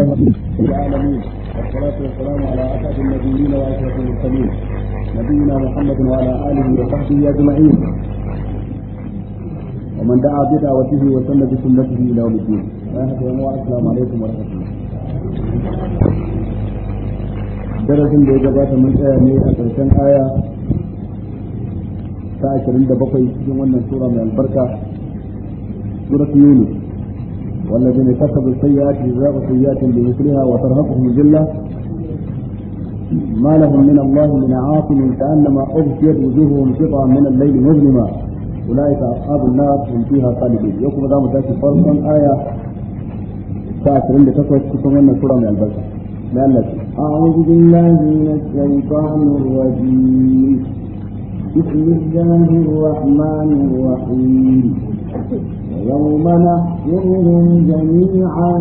الحمد العالمين والصلاة والسلام على أسعد النبيين وأشرف المرسلين نبينا محمد وعلى آله وصحبه أجمعين ومن دعا بدعوته وسن بسنته إلى يوم الدين السلام عليكم ورحمة الله darasin da ya gabata mun tsaya ne a ƙarshen aya ta 27 cikin wannan sura mai albarka suratul yunus والذين كسبوا السيئات جزاء سيئات بمثلها وترهقهم الجلة ما لهم من الله من عاصم كأنما أغشيت وجوههم قطعا من الليل مظلما أولئك أصحاب النار هم فيها خالدين يوكم دام تأتي فرصا آية تأثر اللي تسوى تسوى من سورة من البلد لأنك أعوذ بالله من الشيطان الرجيم بسم الله الرحمن الرحيم يوم نحشرهم جميعا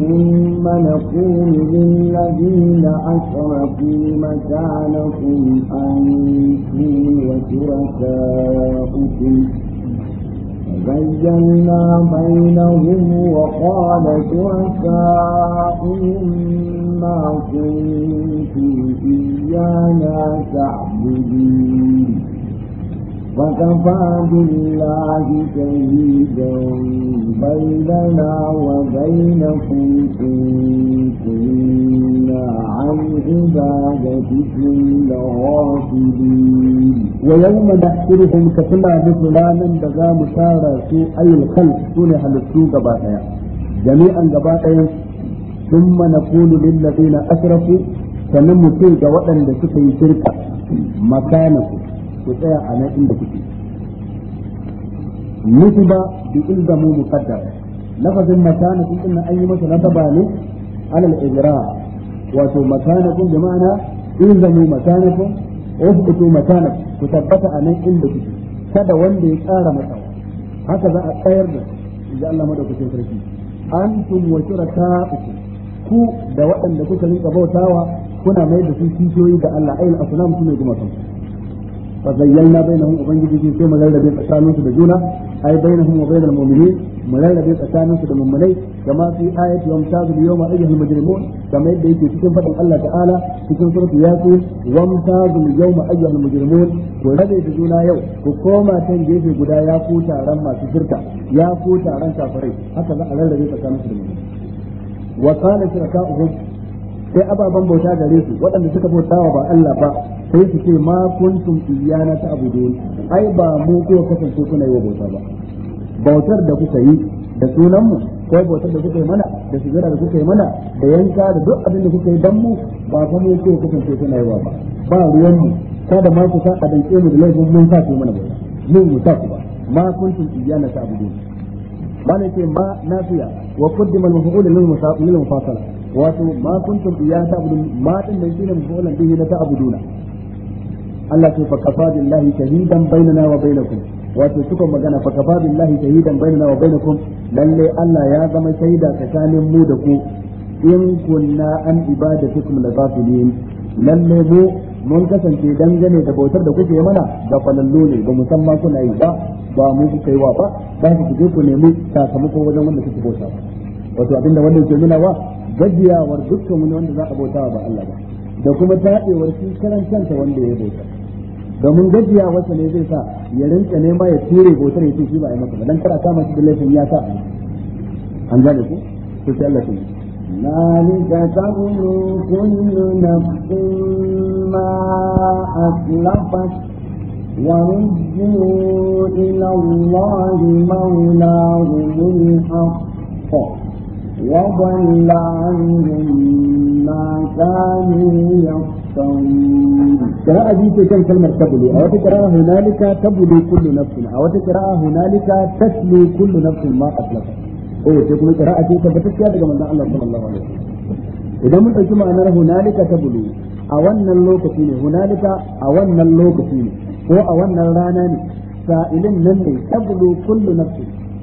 ثم نقول للذين أشركوا مكانكم أنتم وشركاؤكم فزينا بينهم وقال شركاؤهم ما كنتم إيانا تعبدين وكفى بالله شهيدا بيننا وبينكم إن كنا عن عبادتكم لغافلين ويوم نحشرهم كتنا بفلان بغا مشارة سوء أي الخلق صلح للسوء قبائع جميعا قبائع ثم نقول للذين أشركوا سنمتلك وأن لسكي شركة مكانكم ku tsaya a nan inda kuke nusiba bi ilzamu muqaddar lafazin makana kun inna an yi masa nasaba ne alal ijra wato makana kun bi ma'ana ilzamu makana kun usbutu makana ku tabbata a nan inda kuke kada wanda ya tsara masa haka za a tsayar da inda Allah madaukakin sarki antum wa shuraka'ukum ku da waɗanda kuka rinka bautawa kuna mai da su kishiyoyi da Allah ayyul asnam su ne gumakan fa zayyana bainahum ubangiji shi sai mu rarrabe tsakaninsu da juna ai bainahum wa bainal mu'minin mu rarrabe tsakaninsu da mummunai kama fi ayati wa mutazil yawma ayyuhal mujrimun kama yadda yake cikin fadin Allah ta'ala cikin suratul yasin wa mutazil yawma ayyuhal mujrimun ko rabe da juna yau ko koma can gefe guda ya ku taron masu shirka ya ku taron kafirai za a rarrabe tsakaninsu da sai ababen bauta gare su waɗanda suka bautawa ba Allah ba sai su ce ma kuntum iyana ta abudun ai ba mu ko kasance kuna yi wa bauta ba bautar da kuka yi da sunan mu ko bautar da kuka yi mana da sujada da kuka yi mana da yanka da duk abin da kuka yi dan mu ba fa mu ko kasance kuna yi wa ba ba ruwan mu da ma ku sa a danke mu da laifin mun sa ku mana ba mun mu sa ku ba ma kuntum iyana ta abudun ba ne ce ma nafiya wa qaddima al-maf'ul lil mufasala wato ma kuntum iya ta'budun ma din nan shine mafulan bihi na ta'buduna Allah ce fa kafa billahi shahidan bainana wa bainakum wato suka magana fa kafa billahi shahidan bainana wa bainakum lalle Allah ya zama shaida tsakanin mu da ku in kunna an ibadatukum la ghafilin lalle mu mun kasance dangane da bautar da kuke mana da falallo ne ba musamman kuna yi ba ba mu kuka yi wa ba ba ku je ku nemi sakamako wajen wanda kuke bauta wato abinda wannan ke nuna wa gajiyawar dukkan wani wanda za a bautawa ba Allah ba da kuma taɗewar shi karan kanta wanda ya bauta domin gajiya wata ne zai sa ya rinka nema ya ture bautar ya ce shi ba a yi maka ba dan kar a kama shi da laifin ya sa an gane ku to sai Allah ya ذلك تغلو كل نفس ما أسلفت ورجعوا إلى الله مولاهم الحق وضل عنهم ما كانوا يفترون قراءة دي كان كلمة تبلو أو تقرأ هنالك تبلو كل نفس أو تقرأ هنالك تتلو كل نفس ما أسلفت أو تقول قراءة دي تبتكي هذا كما الله صلى الله عليه وسلم idan mun ɗauki ma'anar hunalika ta bulu a wannan lokaci ne a wannan lokaci ko a wannan rana ne sa'ilin nan ne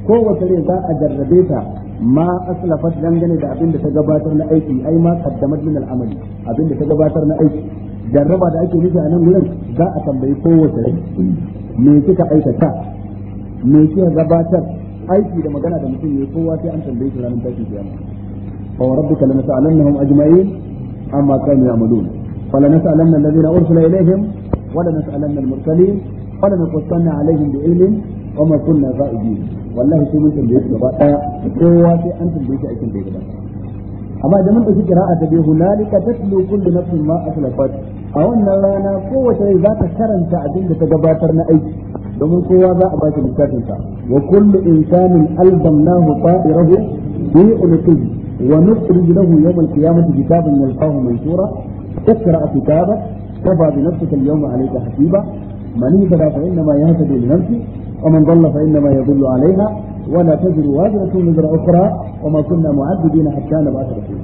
ta za a jarrabe ta ma aslafat dangane da abin da ta gabatar na aiki ai ma min al-amali da ta gabatar na aiki jarraba da ake nufi a nan gurin za a tambayi kowace rai me kika aikata me kika gabatar aiki da magana da mutum ne kowa sai an tambaye shi ranar tashin kiyama fa rabbika lanas'alannahum ajma'in amma kanu ya'malun فلنسألن الذين أرسل إليهم ولنسألن المرسلين ولنقصن عليهم بعلم wa ma kunna biyu wallahi sai mun tambaye shi gaba daya kowa sai an tambaye shi aikin da ya amma idan mun dauki qira'a ta biyu hunalika tatlu kullu nafsin ma aslafat a wannan rana kowace rai za ta karanta abin da ta gabatar na aiki domin kowa za a baki littafin sa wa kullu insanin albamnahu ta'irahu bi ulqihi wa nukhrij lahu yawm al-qiyamati kitaban yalqahu mansura اقرأ كتابك كفى بنفسك اليوم عليك حسيبا من اهتدى فإنما يهتدي لنفسه ومن ضل فإنما يضل عليها ولا تزر وازرة وزر أخرى وما كنا معذبين حتى نبعث رسولا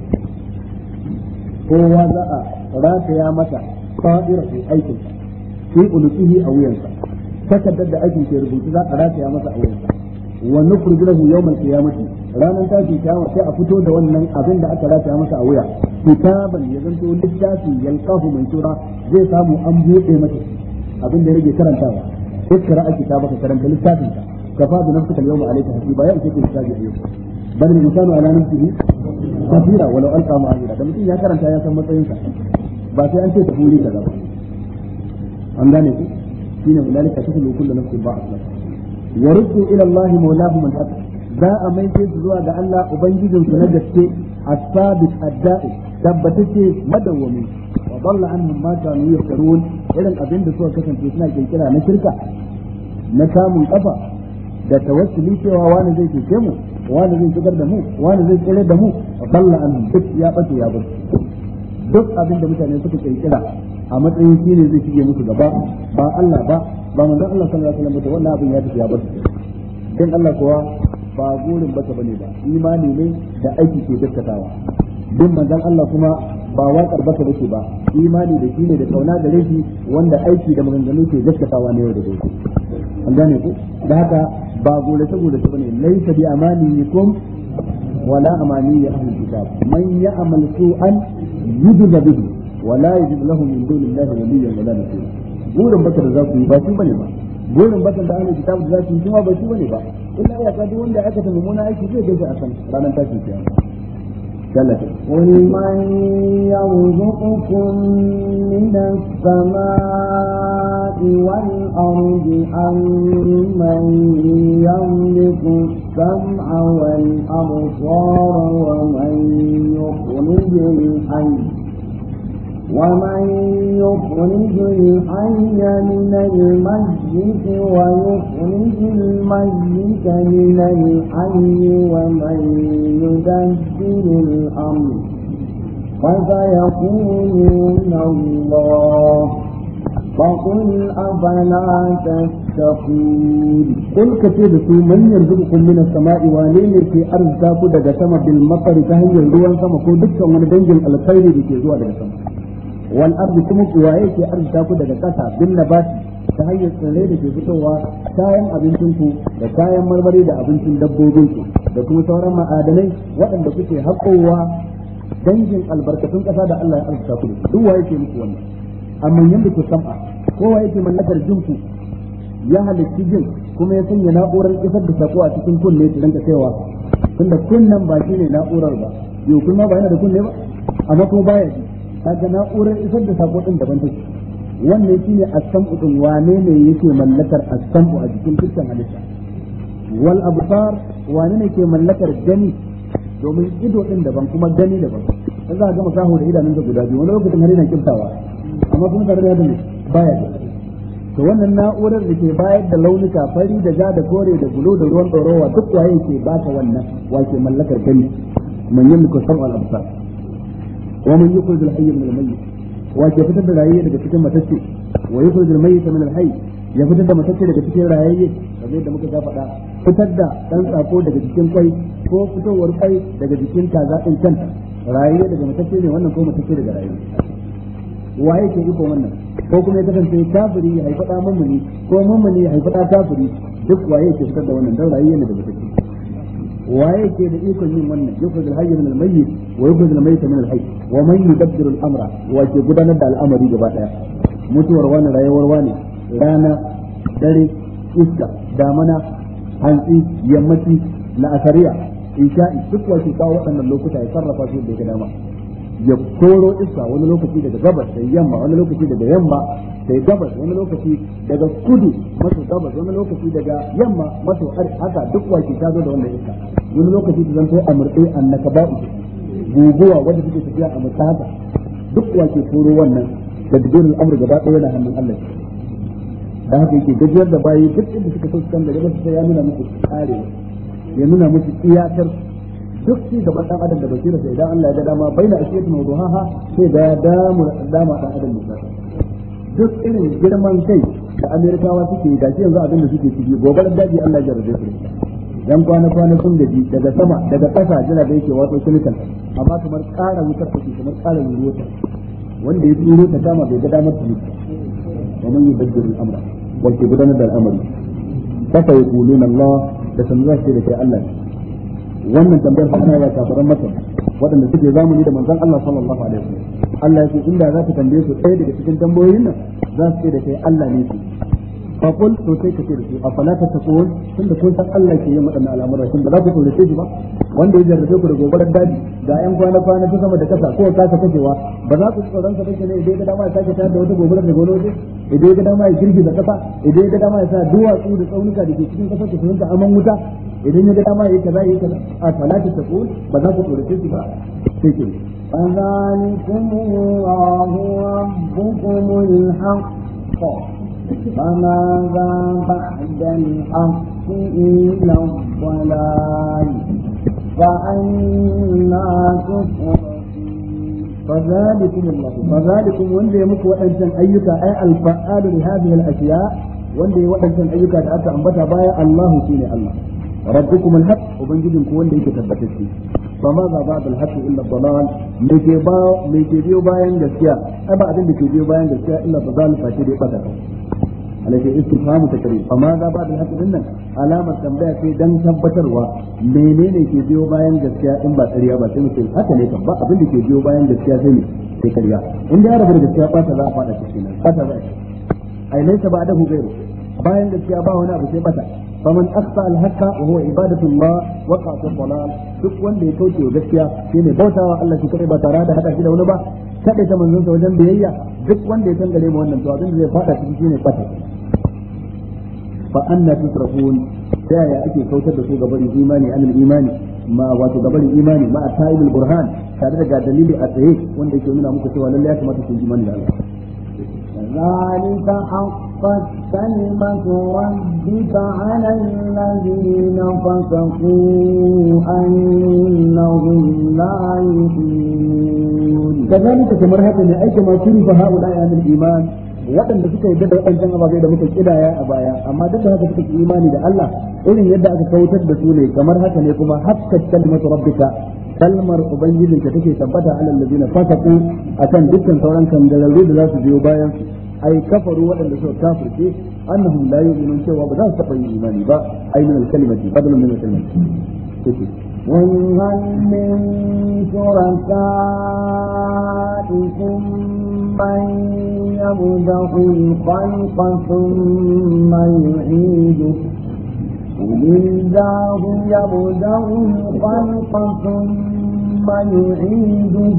هو ذا راتيا متى طائرة أيكم في أنفه أو ينسى تكدد أجل في ربوتها راتيا متى أو ينسى ونخرج له يوم القيامة ranar tashi kyawa sai a fito da wannan abin da aka rataya masa a wuya kitaban ya zanto littafi yalqahu mansura zai samu an buɗe masa abin da rage karantawa اقرا كتابك كرم لكتابك كفى بنفسك اليوم عليك حسيبا يا ايتك كتابك اليوم بل الانسان على نفسه كثيرا ولو القى معاذيرا da mutum ya karanta ya san matsayinsa ba sai an ce ta huri kaza ba an gane ku shine hulalika tuhlu kullu nafsin ba asla wa ruddu ila Allah mawlahum al-haq za a mai su zuwa ga Allah ubangijinsu na gaske as-sabit tabbatacce madawwami wa dalla annahum ma kanu yaftarun irin abin da suka kasance suna kirkira na shirka na samun kafa da tawassuli cewa wani zai kike mu wani zai shigar da mu wani zai kire da mu wa dalla annahum duk ya bace ya bace duk abin da mutane suka kirkira a matsayin shi ne zai shige musu gaba ba Allah ba ba manzon Allah sallallahu alaihi wasallam wannan abin ya tafi ya bace dan Allah kuwa ba gurin baka bane ba imani ne da aiki ke daskatawa bin manzon Allah kuma ba waƙar ba da ba imani da shi ne da kauna da rashi wanda aiki da maganganu ke gaskatawa ne yau da gobe an gane ku da haka ba gole saboda ta bane laisa bi amaniyikum wala amani ya ahlul kitab man ya'mal su'an yujza bihi wala yajid lahu min dunillahi waliyyan wala nasir gurin baka da za ku yi ba sun bane ba gurin baka da ahlul kitab da za su yi kuma ba shi bane ba illa ya ka duk wanda aka ta mummuna aiki zai gaisa a san ranar tashin kiyama قل من يرزقكم من السماء والأرض أم من يملك السمع والأبصار ومن يخرج الحي ومن يخرج الحي من الميت ويخرج الميت من الحي ومن يدبر الأمر فسيقولون الله فقل أفلا تتقون قل كثير من يرزقكم من السماء ولين في أرض تاكو دقا سما بالمطر تهي الروان سما كو دكا من دنجل الخير بكي زوا دقا سما wal ardi kuma kuwa ke arzuta ku daga kasa bin nabati ta hanyar tsirrai da ke fitowa kayan abincin ku da kayan marmari da abincin dabbobin ku da kuma sauran ma'adanai waɗanda kuke haƙowa dangin albarkatun ƙasa da Allah ya arzuta ku duk waye ke muku wannan amma yanda ku sam'a kowa yake mallakar jin ku ya halitti jin kuma ya sanya na'urar kisar da sako a cikin kunne ki danka cewa tunda kunnen ba shine na'urar ba yau kuma ba yana da kunne ba amma kuma baya ji kaga na'urar isar da sako din daban take wannan shine as-sam'u din wane ne yake mallakar as-sam'u a cikin dukkan halitta wal absar wane ne ke mallakar gani domin ido din daban kuma gani daban sai za ka gama sahu da idanunka guda biyu wani lokacin har yana kintawa amma kuma tare da ne baya da to wannan na'urar da ke bayar da launuka fari da ja da kore da bulo, da ruwan ɗorowa duk waye ke baka wannan wace ke mallakar gani man yamliku al absar ومن يخرج الحي من الميت وكي رأيه لك تكن متسي ويخرج الميت من الحي ya fitar da matacce daga cikin rayayye kamar yadda muka ga faɗa fitar da ɗan tsako daga jikin kwai ko fitowar kwai daga jikin kaza ɗin kanta daga matacce ne wannan ko daga waye ke iko wannan ko kuma ya kasance kafiri ya haifa ɗa mummuni ko mummuni ya haifa ɗa kafiri duk waye ke fitar da wannan dan rayayye ne daga waye ke da ikon yin wannan yukhrij al-hayy min al-mayyit wa yukhrij al-mayyit min al wa man yudabbiru al-amra wa ke gudanar da al'amari gaba daya mutuwar wani rayuwar wani rana dare iska damana hantsi yammaci la'asariya isha'i duk wace kawo waɗannan lokuta ya sarrafa su da ya dama ya koro isa wani lokaci daga gabas sai yamma wani lokaci daga yamma sai gabas wani lokaci daga kudu maso gabas wani lokaci daga yamma maso ar haka duk wake ta zo da wannan iska wani lokaci ta zanto amurɗe annakaba'u guguwa wanda take tafiya a mutaka duk wake koro wannan da duburin amur gaba ɗaya yana hannun Allah da haka yake gajiyar da bayi duk inda suka so su kan da gaba sai ya nuna musu tsare ya nuna musu iyakar duk shi gaban dan adam da basira sai idan Allah ya ga dama baina ashiyatin wa duhaha sai ga damu dama dan adam da duk irin girman kai da Amerikawa suke da shi yanzu abin da suke ciki gobarar daji Allah ya rabe su Dan kwana kwana sun gaji daga sama daga kasa jira da yake wato silikan amma kamar ƙara wutar take kamar ƙara wutar wanda ya tsoro ta kama bai ga damar su wa man yubaddilu al-amra wa gudanar da al'amari fa sayquluna Allah da sanin shi da Allah wannan tambayar suna ya kafaran maka waɗanda suke zamani da manzon Allah sallallahu alaihi wasallam Allah ya ce inda za ka tambaye su ɗaya daga cikin tambayoyin nan za su ce da kai Allah ne su فقل سوسي كثير شيء أفلا تتقون تند كون سأل الله كي يمتنا على مرة تند لا تقول لشيء با وان دي جرسوك رجوع برد دادي دا أم فانا فانا تسمى دكسا كو كاسا كسوا بذا كس قدام سبك نه إدي كداما يساك تان دوتو بوبرد نقولو دي إدي كداما يجرسي دكسا إدي كداما يسا دوا سود سونكا دي كسين كسا كسين كأمان متا إدي كداما يكذا يكذا أفلا تتقون بذا تقول لشيء با تكي فذلكم الله ربكم الحق فماذا بعد الحق إلا الضلال فأنا تفرقون فذلكم الله فذلكم وندي مكو وأنتم أيك أي الفعال لهذه الأشياء وندي وأنتم أيك أتى أنبتا بايا الله فيني الله ربكم الحق وبنجدكم كون ديك تبتسي فماذا بعد الحق إلا الضلال ميكي باو ميكي بيو باين جسيا أبا أدن ميكي بيو باين جسيا إلا الضلال فاشي بيو alaka istifhamu kare amma za ba da haka dinnan alamar tambaya ce dan tabbatarwa menene ke biyo bayan gaskiya in ba ƙarya ba sai mutum haka ne kan ba abin da ke biyo bayan gaskiya sai ne sai ƙarya in da ya rabu da gaskiya ba ta za a fada cikin nan ba ta za a ai laisa ba da hu gairu bayan gaskiya ba wani abu sai bata faman aksa alhaqa wa huwa ibadatullah wa qatul dalal duk wanda ya kauce wa gaskiya shine bautawa Allah shi kadai ba tare da hada shi da wani ba kada ta manzon sa wajen biyayya duk wanda ya tangare mu wannan to abin da zai fada cikin shine bata fa anna tusrafun ta yaya ake kautar da su gabarin imani anil imani ma wato gabarin imani ma ta'ibul burhan tare da ga dalili a tsaye wanda yake nuna muku cewa lallai ya kamata ku imani da Allah حقت كلمة ربك على الذين فسقوا أنهم لا يؤمنون كذلك كما هكذا أي ما هؤلاء عن الإيمان waɗanda suka yadda da waɗancan ababai da muka kidaya a baya amma duk da haka suka imani da Allah irin yadda aka kautar da su ne kamar haka ne kuma hakkat kalmatu rabbika kalmar ubangijinka take tabbata alal ladina fasaqu akan dukkan sauran kangararru da za su biyo bayan أي كفروا وإن لسوا كافر فيه أنهم لا يؤمنون شيئا وبدأ تقوي الإيمان با أي من الكلمة بدلا من الكلمة قل هل من شركائكم من يبدأ الخلق ثم يعيده قل الله يبدأ الخلق ثم يعيده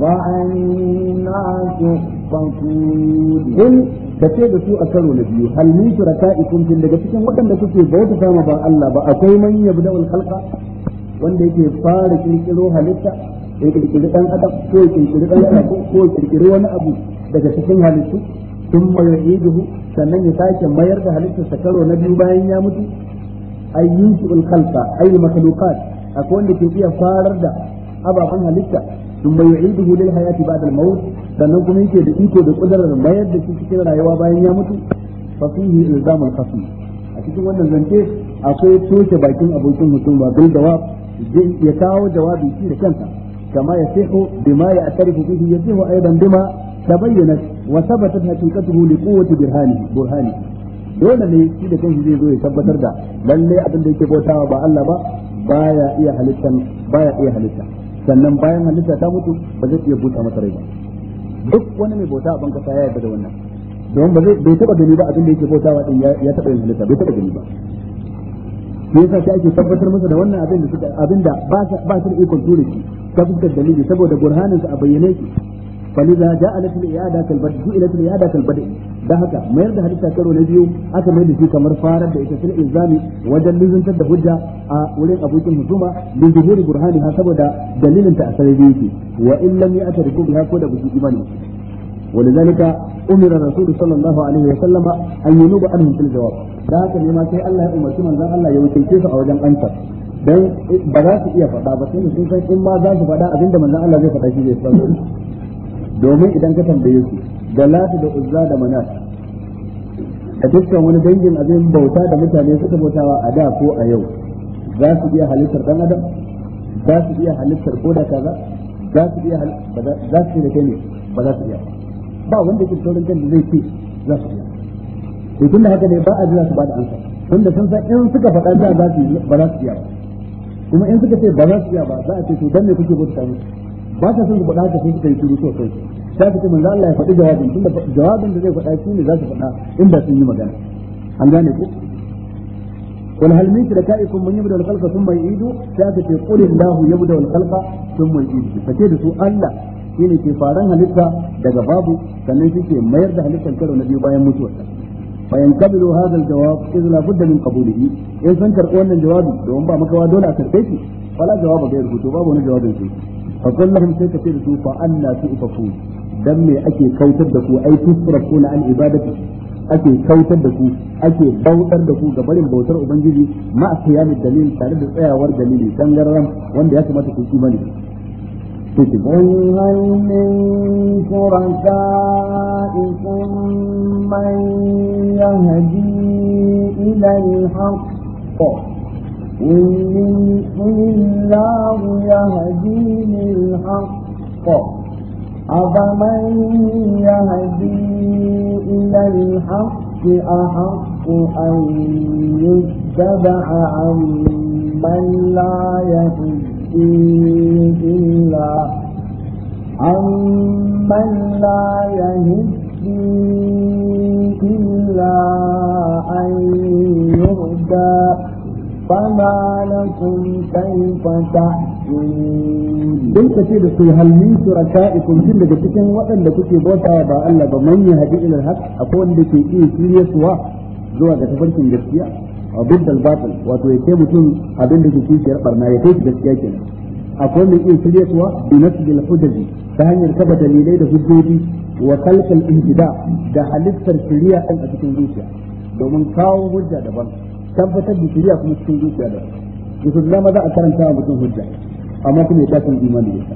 فأنا تؤمنون قل kace da su a karo na biyu hal min shuraka'ikum tun daga cikin waɗanda kuke bauta sama ba Allah ba akwai man yabda wal khalqa wanda yake fara kirkiro halitta ya kirkiri ɗan adam ko ya kirkiri dan adam ko ya kirkiri wani abu daga cikin halittu thumma yu'iduhu sannan ya sake mayar da halittarsa karo na biyu bayan ya mutu ay yunshi'ul khalqa ay makhluqat akwai wanda ke iya farar da ababen halitta thumma yu'iduhu lil hayati ba al-maut sannan kuma yake da iko da kudarar mayar da shi cikin rayuwa bayan ya mutu fasihi ilzamul qasm a cikin wannan zance akwai toshe bakin abokin mutum ba bil jawab ya kawo jawabi shi da kansa kama ya sihu bima ya atarifu bihi yasihu aidan bima tabayyanat wa na haqiqatuhu li quwwati burhani burhani dole ne shi da kanshi zai zo ya tabbatar da lalle abin da yake bautawa ba Allah ba baya iya halittan baya iya halitta sannan bayan halitta ta mutu ba zai iya buta masa rai ba duk wani mai bauta a kasa ya yarda da wannan don ba zai bai taba gani ba abin da yake bautawa din ya taba yin halitta bai taba gani ba me yasa sai ake tabbatar masa da wannan abin da suka abin da ba ba su ikon tura shi ta fuskar dalili saboda burhanin sa a bayyane shi faliza ja'alat al-i'ada kal bad ju'ilat al-i'ada kal bad dan haka mayar da halitta karo na biyu aka mai da shi kamar farar da ita fil ilzami wajen lizantar da hujja a wurin abokin husuma bi zuhuri burhani ha saboda dalilin yake wa in lam ko da bisu imani ولذلك امر الرسول صلى الله عليه وسلم ان ينوب عنهم في الجواب da haka ne ma sai Allah ya umarci manzon Allah ya wakilce su a wajen ansar dan ba za su iya faɗa ba sai sun san in ma za su faɗa abinda domin idan ka tambaye su da lati da uzza da mana a dukkan wani dangin abin bauta da mutane suka bautawa a da ko a yau za su iya halittar dan adam za su iya halittar ko da kaza za su iya za su da kai ba za su iya ba wanda ke saurin kan da zai ce za su iya to tunda haka ne ba a jira su ba da ansa wanda sun san in suka faɗa za su ba za su iya ba kuma in suka ce ba za su iya ba za a ce to dan ne kuke bauta musu ba ta son su faɗa haka sun suka yi shiru sosai ta fita manzo Allah ya faɗi jawabin tunda jawabin da zai faɗa shi ne za su faɗa inda sun yi magana an gane ku wal hal min shirkaikum man yabda al khalqa thumma yu'idu ta ta qul Allahu yabda al khalqa thumma yu'idu take da su Allah shine ke faran halitta daga babu sannan shi ke mayar da halittar karo na biyu bayan mutuwarsa bayan kabilu hadal jawab iz la budda min qabulihi in san karɓi wannan jawabi domin ba makawa dole a karɓe shi fala jawaba bai to babu wani jawabin sai fa kullahum sai ka ce da su fa anna tu'fakun dan me ake kautar da ku ai tusrafuna an ibadati ake kautar da ku ake bautar da ku ga barin bautar ubangiji ma a dalil tare da tsayawar dalili dangaran wanda ya kamata ku shi bane قل هل من شركائكم من يهدي إلى الحق قل الله يهدي للحق أفمن يهدي إلى الحق أحق أن يتبع عمن لا يهدي إلا عمن لا يهدي إلا أن يهدى فما لكم كيف تحكمون دين كثير في هل شركائكم كن daga cikin waɗanda kuke bauta ba Allah ba man yahdi ila al akwai wanda ke iya shiryarwa zuwa ga tafarkin gaskiya a biddal batil wato ya kai mutum abin da ke kishiyar barna ya kai shi gaskiya kenan akwai wanda iya shiryarwa bi nasbil hujaji ta hanyar kaba dalilai da hujjoji wa kalkal injida da halittar shiriya ɗin a cikin zuciya domin kawo hujja daban tabbatar da shirya kuma cikin zuciya da su da maza a karanta wa mutum hujja amma kuma ya tafi imani da ita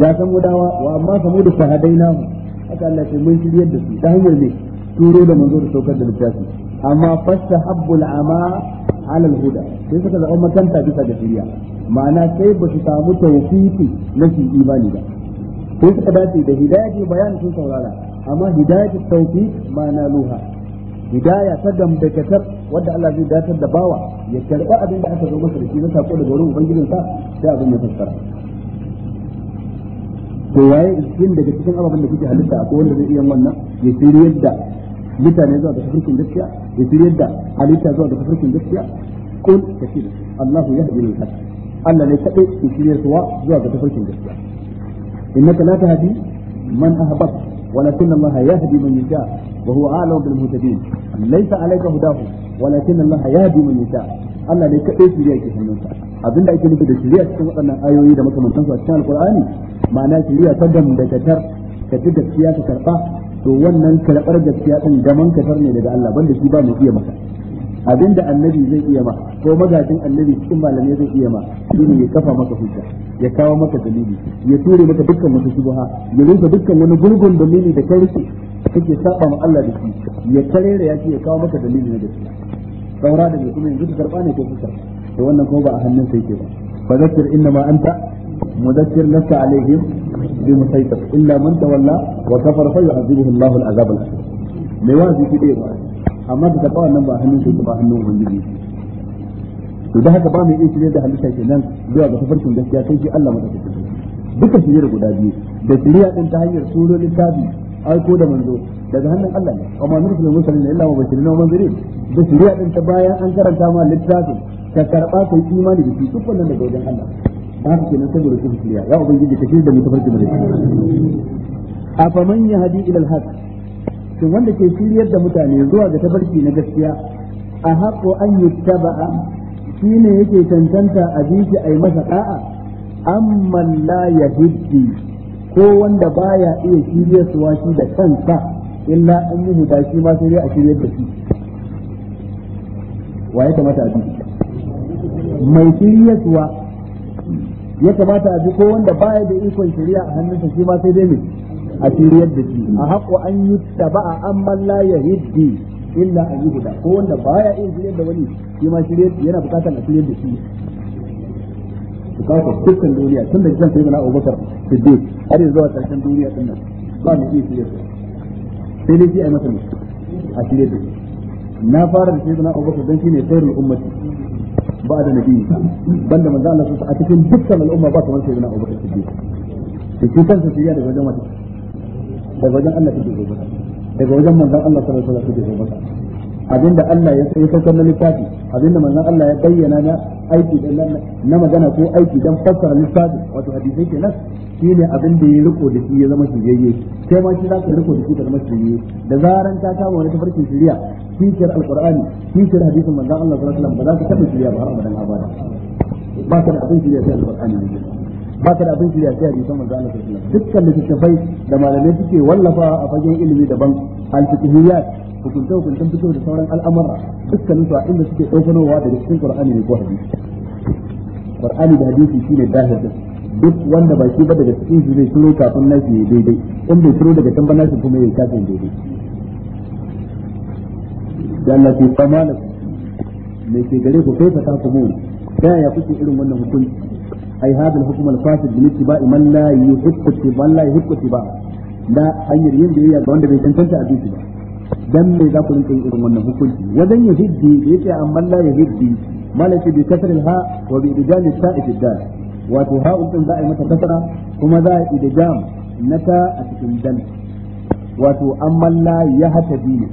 ga san mudawa wa amma samu da shahadaina mu a Allah sai mun shirya da su ta hanyar ne turo da manzo da saukar da littafi amma fastahabbu al'ama ala al-huda sai suka zama makanta bisa ga shirya ma'ana sai ba su samu tawfiki na shi imani ba sai suka dace da hidayati bayan sun saurara amma hidayati tawfiq ma'ana luha hidaya ta dambakatar wadda Allah zai datar da bawa ya karɓi abin da aka zo masa da shi na sako daga wurin sa sai abin ya fassara to waye cikin daga cikin ababen da kuke halitta akwai wanda zai iya wannan ya shiryar da mutane zuwa ga kafirkin gaskiya ya shiryar da halitta zuwa ga kafirkin gaskiya kun kafir Allah ya hadi lil haq Allah ne kadai ke shiryarwa zuwa ga kafirkin gaskiya innaka la tahdi man ahbabta ولكن الله يهدي من يشاء وهو أعلم بالمهتدين ليس عليك هداهم ولكن الله يهدي من يشاء Allah ne kaɗai shirya ke hannunsa abin da ake nufi da shirya cikin waɗannan ayoyi da su a cikin alkur'ani ma'ana shirya ta gamdakatar ka ji gaskiya ka karɓa to wannan karɓar gaskiya ɗin gaman katar ne daga Allah banda shi ba mu iya maka Abin da annabi zai iya ma ko magajin annabi cikin malamai zai iya ma shine ya kafa maka hujja ya kawo maka dalili ya ture maka dukkan wata shubha ya rufe dukkan wani gurgun dalili da kai kake saba ma Allah da shi ya karere yaki ya kawo maka dalili na gaskiya saura da kuma yanzu ka karba ne ko kusa to wannan kuma ba a hannun sai ke ba fadakkir inna ma anta mudakkir lasta alaihim bi musaytir illa man tawalla wa kafara fa yu'adhibuhu Allahu al-azab al-akbar mai wazi kide ba amma da takawa nan ba hannun shi ba hannun ubangiji to da haka ba mai iya shirye da halitta kenan zuwa ga tafarkin gaskiya sai shi Allah madaukakin duka shirye da guda biyu da shirya din ta hanyar surorin tabi aiko da manzo daga hannun Allah ne amma min kullu musallin illa wa bashirin wa munzirin da shirya din ta bayan an karanta ma littafin ka karba kai imani da shi duk wannan daga wajen Allah ba haka kenan saboda su shirya ya ubangiji ka shirye da mu tafarkin gaskiya afaman yahdi Hadi ilal haq shi wanda ke shiryar da mutane zuwa ga tabarki na gaskiya a haƙo an yi taba'a shi ne yake cancanta a jiki a yi masa ɗa'a Amman la ya hiddi ko wanda baya iya shiryar suwa shi da kansa illa an yi huda shi ma sai a shiryar da shi wa ya kamata a bi mai shiryar suwa ya kamata a bi ko wanda baya da ikon shari'a a hannunsa shi ma sai dai mai a siriyar da shi mm. a haƙo an yi taba'a an malla ya hiddi illa an yi guda ko wanda baya iya siriyar da wani shi ma siriyar yana bukatar a siriyar da shi su kawo dukkan duniya tun da jan sayyidina Abubakar Siddiq har yanzu zuwa karshen duniya din nan ba mu iya siriyar sai dai shi a masa a siriyar da shi na fara da sayyidina Abubakar dan shine sayyidul ummati ba da nabi banda manzo Allah a cikin dukkan al'umma ba kamar sayyidina Abubakar Siddiq shi kansa sai ya daga wajen wata daga wajen Allah take zo masa daga wajen manzon Allah sallallahu alaihi wasallam take zo masa abinda Allah ya sai saukar na littafi abinda manzon Allah ya bayyana na aiki da na magana ko aiki dan fassara littafi wato hadisi kenan shine abin da ya riko da shi ya zama shirye sai ma shi za ka riko da shi ka zama shirye da zaran ta kama wani tafarkin shirya kishiyar alqur'ani kishiyar hadisin manzon Allah sallallahu alaihi wasallam ba za ka taba shirya ba har abadan abada ba ka da abin shirya sai alqur'ani ne ba ka da abin shirya sai hadisan manzo Allah sallallahu alaihi wasallam dukkan littattafai da malamai suke wallafa a fagen ilimi daban al-fiqhiyat hukunta hukuntan fito da sauran al'amura dukkanin su a inda suke daukanowa daga cikin Qur'ani ne ko hadisi Qur'ani da hadisi shine dahir duk wanda ba shi ba daga cikin su zai shiro kafin nashi ya daidai in bai shiro daga can ba nashi kuma ya kafin daidai da Allah ke fama da me ke gare ku kai fa ku mu. da ya kuke irin wannan hukunci ai hada al-hukm al-fasid bi ittiba'i man la yuhibbu man la yuhibbu ittiba da hanyar yin biyayya ga wanda bai tantance abinci ba dan me za ku rinka irin wannan hukunci wajen yuhibbi da yake amma la yuhibbi malaka bi kasr al-ha wa bi idjam al-sa'i fi dal wato ha'un din a yi mata kasara kuma za a idjam na ta a cikin dal wato amma la yahtabi ne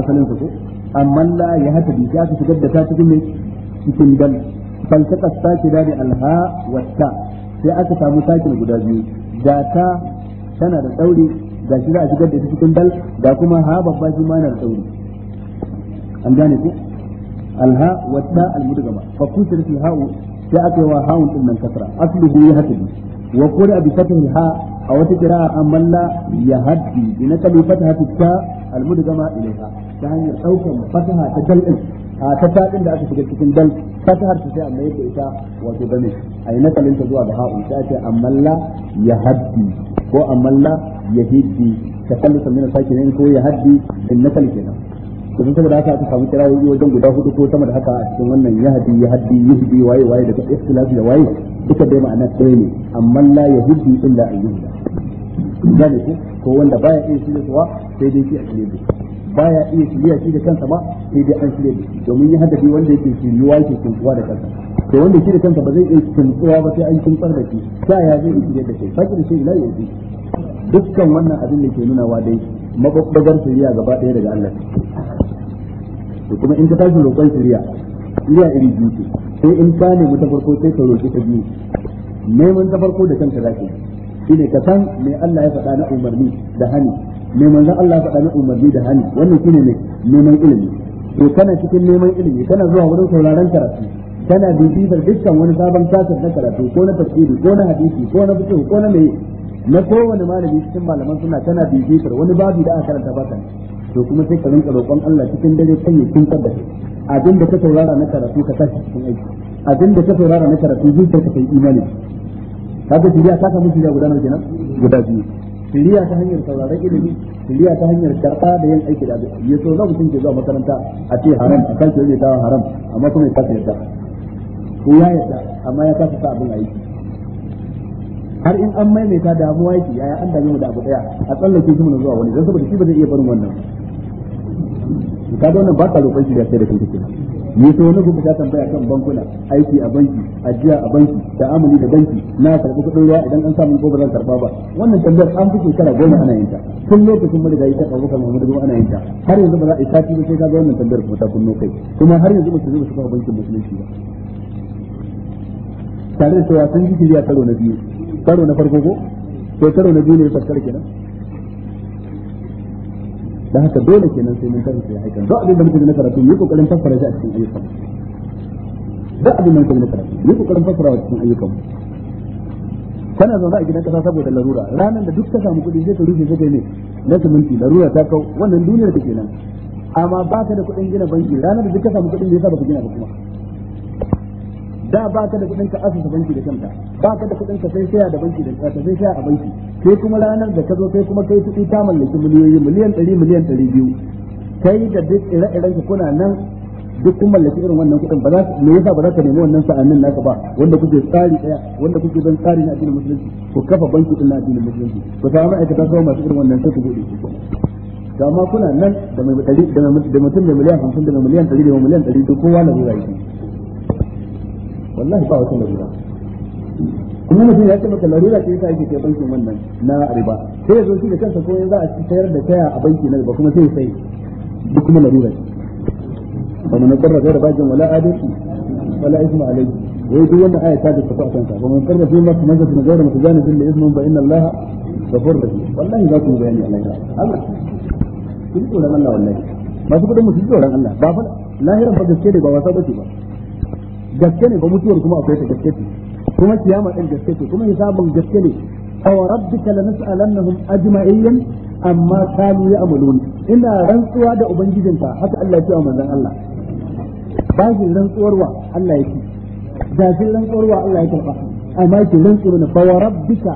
asalin su ko amma la yahtabi ta da ta ne cikin faltaka saki da alha wata sai aka samu sakin guda biyu da ta tana da tsauri ga shi za a da ita cikin dal da kuma ha babba shi ma na da tsauri an ku alha wata almudgama fa kusir fi ha'u sai aka yi wa ha'un nan kasra aslihu ya hatabi wa qura bi ha a wata a amalla ya haddi bi nakali fathatu ta almudgama ilaiha ta hanyar daukan fataha ta dalɗin a ta tadin da aka shiga cikin dal fatahar ta sai amma yadda ita wato bane ai nakalin ta zuwa ga ha'u ta ce amalla ya haddi ko amalla ya hiddi ta kallasa min sakinin ko ya haddi in nakal kenan domin saboda haka aka samu kirawoyi wajen guda hudu ko sama da haka a cikin wannan ya haddi, ya haddi, waye waye da ikhtilafi da waye duka dai ma'ana ɗaya ne amma la yahdi illa ayyuha zane ku ko wanda baya iya shirya kuwa sai dai shi a shirya da baya iya shirya shi da kansa ba sai dai an shirya da domin ya haddace wanda yake shiryuwa yake kintuwa da kansa to wanda shi da kansa ba zai iya kintuwa ba sai an kintsar da shi ta ya zai iya shirye da shi fakir shi ila yanzu dukkan wannan abin da ke nunawa dai mababbagar shirya gaba ɗaya daga Allah to kuma in ka tashi roƙon shari'a iya iri biyu ce sai in ka nemi ta farko sai ka roƙi ta biyu neman ta farko da kanka shi shine ka san me Allah ya faɗa na umarni da hani me manzon Allah ya faɗa na umarni da hani wannan shine ne neman ilimi to kana cikin neman ilimi kana zuwa wurin sauraron karatu kana bibiyar dukkan wani sabon tasir na karatu ko na tafsiri ko na hadisi ko na fiqh ko na meye na kowane malami cikin malaman suna tana bibitar wani babu da aka karanta ba kan to kuma sai ka rinka roƙon Allah cikin dare kan ya kin da abin da ka saurara na karatu ka tashi cikin aiki abin da ka saurara na karatu zuciyar ka sai imani kaga shiriya ta samu shiriya guda nawa kenan guda biyu shiriya ta hanyar sauraron ilimi shiriya ta hanyar karɓa da yin aiki da abin ya so za mutum ke zuwa makaranta a ce haram a kan ke zai haram amma kuma ya kasa yarda ko ya yarda amma ya kasa sa abin aiki har in an maimaita damuwa yake yaya an dame mu da abu daya a tsallake shi mun zuwa wani dan saboda shi ba zai iya barin wannan kaga wannan ba ka roƙon shi da sai da kanta kenan ni to wani gubu ta tambaya kan bankuna aiki a banki ajiya a banki da amuli da banki na karɓi kuɗin ruwa idan an samu ko bazan zan karɓa ba wannan tambayar an fi shekara goma ana yin ta tun lokacin mu da yi ta Abubakar mu da ana yin ta har yanzu ba za a yi sati ba sai kaga wannan tambayar kuma ta kunno kai kuma har yanzu ba su zuba su bankin musulunci ba tare da cewa sun ji shirya karo na biyu karo na farko ko to karo na biyu ne fassara kenan da haka dole kenan sai mun karanta ya aikan duk abin da muke na karatu mu yi kokarin fassara shi a cikin ayyukan duk abin da muke na karatu mu yi kokarin fassara a cikin ayyukan kana za a gidan kasa saboda larura ranar da duk ka samu kudi sai ta rufe sai kai ne na siminti larura ta kau wannan duniyar ta kenan amma ba ka da kudin gina banki ranar da duk ka samu kudin zai ta ba ka gina ba kuma da ba ka da kuɗin ka asusa banki da kanta ba ka da kuɗin ka sai saya da banki da ka eh, sai saya a banki sai kuma ranar da ka zo sai kuma kai kuɗi ta mallaki miliyoyi miliyan ɗari miliyan ɗari biyu kai da duk ire-iren ka kuna nan duk kun mallaki irin wannan kuɗin ba za me yasa ba za ka nemi wannan sa'annin naka ba wanda kuke tsari ɗaya wanda kuke ban tsari na addinin musulunci ku kafa banki din na addinin musulunci ku ta ma'aikata kawai masu irin wannan sai ku buɗe su to amma kuna nan da mai mutum mai miliyan 50 da mai miliyan 100 da mai miliyan 100 duk kowa na zai rayu wallahi ba wata larura kuma mutum ya ce maka larura ce yasa yake kai bankin wannan na riba sai ya zo shi da kansa ko za a sayar da kaya a banki na riba kuma sai sai duk kuma larura ce ba mu mun karra gaira bajin wala adalci wala ismu alayhi wai duk wanda aya ta tafi a kansa ba mun karra fi ma kuma zai gaira mutajani da ismun ba inna allaha ghafur rahim wallahi za ku bayani alayhi Allah kin tsoron Allah wallahi masu kudin musu tsoron Allah ba fa lahiran ba gaske da ba wasa bace ba gaske ne ba mutuwar kuma akwai ta gaske ce kuma kiyama din gaske ce kuma hisabun gaske ne aw rabbika lanas'alannahum ajma'in amma kanu ya'malun ina rantsuwa da ubangijinka haka Allah ya ce Allah. Ba Allah rantsuwarwa Allah ya ce shi rantsuwarwa Allah ya karba amma ki rantsuwa na fa rabbika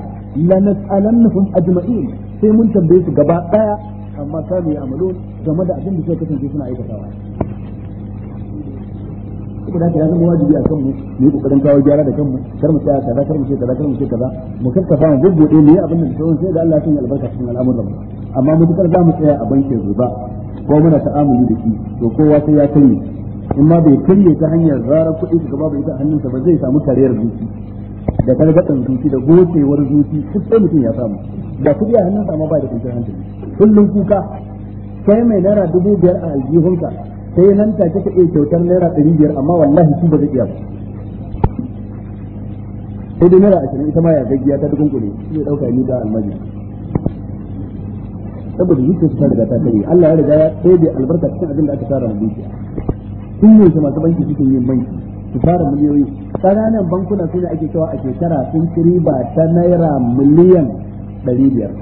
lanas'alannahum ajma'in sai mun tambaye su gaba daya amma kanu ya'malun game da abin da suka kasance suna aikatawa saboda haka ya zama wajibi a kanmu mu yi kokarin kawo gyara da kanmu kar mu tsaya kaza kar mu ce kaza kar mu ce kaza mu kakkafa mu guggude mu yi abin da sauran sai da Allah ya sanya albarka cikin al'amuran mu amma mutukar za mu tsaya a bankin riba ko muna ta'amuli da shi to kowa sai ya karye in ma bai karye ta hanyar zarar kuɗi ga babu ita hannunsa ba zai samu kariyar zuci da gargaɗin zuci da gocewar zuci duk sai mutum ya samu da kuɗi a hannunsa amma ba da kwanciyar hankali kullum kuka kai mai naira dubu biyar a aljihunka sai nan ta kika iya kyautar naira ɗari biyar amma wallahi shi ba zai iya ba sai dai naira ashirin ita ma ya gaggiya ta dukkan shi zai ɗauka ni da almaji saboda zuciya su ta riga ta kai Allah ya riga ya ɗebe albarka cikin abin da aka tara mu dukiya sun yi masu banki cikin yin banki su fara miliyoyi ƙananan bankuna su ne ake cewa a shekara sun ci ba ta naira miliyan ɗari biyar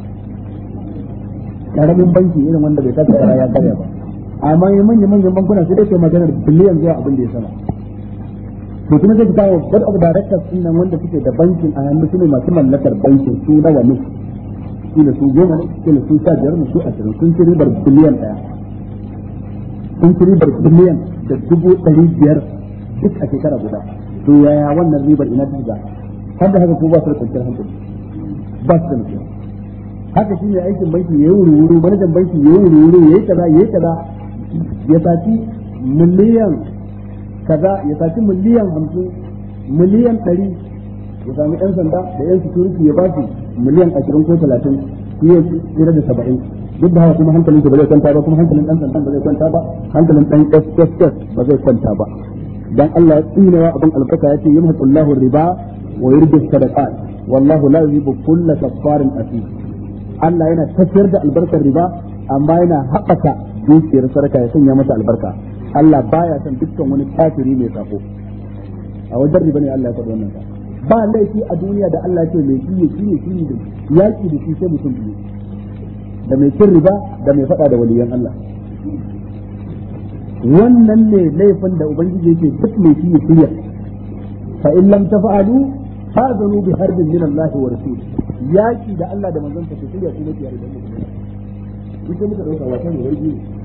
ƙaramin banki irin wanda bai kasa ya karya ba amma yi manyan manyan bankuna sai dai maganar biliyan zuwa abin da ya sama to kuma zai kawo board of directors din nan wanda suke da bankin a hannu sune masu mallakar bankin su nawa wani su da su goma ne su da su sha biyar ne su ashirin sun ci ribar biliyan daya sun ci ribar biliyan da dubu ɗari biyar duk a shekara guda to yaya wannan ribar ina ta shiga har da haka ko ba su da kwanciyar hankali ba su da mutum haka shi ne aikin banki ya yi wuri-wuri manajan banki ya yi wuri-wuri ya yi kaza ya yi kaza ya saci miliyan kaza ya saci miliyan hamsin miliyan ɗari ya sami yan sanda da yan security ya ba su miliyan ashirin ko talatin su ya tsira da saba'in duk da haka kuma hankalin ba zai kwanta ba kuma hankalin ɗan sanda ba zai kwanta ba hankalin ɗan SSS ba zai kwanta ba dan Allah ya tsinewa abin albarka ya ce yamhaqullahu riba wa yurbi sadaqat wallahu la yuhibbu kulla kaffarin asim Allah yana tafiyar da albarkar riba amma yana haɓaka dukiyar sarka ya sanya mata albarka Allah baya son dukkan wani kafiri mai sako a wajen riba ne Allah ya faɗi wannan ba laifi a duniya da Allah ce mai kiyi kiyi kiyi da yaki da shi sai mutum biyu da mai cin riba da mai faɗa da waliyan Allah wannan ne laifin da ubangiji yake duk mai kiyi kiyi fa in lam tafa'alu fazanu bi harbin min Allah wa rasul yaki da Allah da manzon sa kiyi kiyi ne ya riba ne muka dauka wata ne wai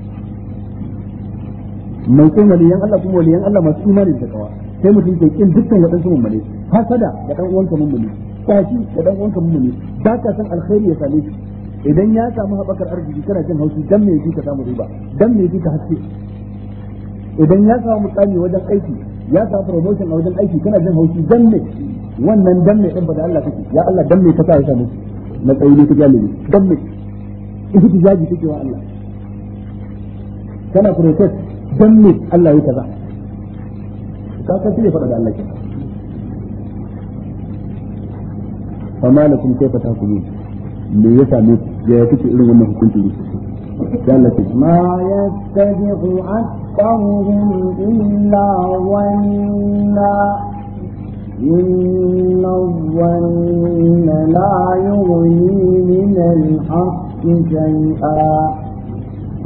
mai kin waliyan Allah kuma waliyan Allah masu imani da kawa sai mutum ke kin dukkan waɗansu mummune hasada ga dan uwanka mummune tashi ga dan uwanka mummune ba ka san alkhairi ya same shi idan ya samu haɓakar arziki kana jin haushi dan me yake ka samu riba dan me yake ka haske idan ya samu mutsami wajen aiki ya samu promotion a wajen aiki kana jin haushi dan me wannan dan me din ba da Allah kake ya Allah dan me ka sa ya samu na tsayi ne ka jalibi dan me ihtijaji kake wa Allah kana protest dan me Allah ya kaza ka san shi ne faɗa da Allah ke fama lakum kayfa tahkumun me ya same ku ya irin wannan hukunci ne قالت ما يتبع أكثرهم إلا ظنا إن الظن لا يغني من الحق شيئا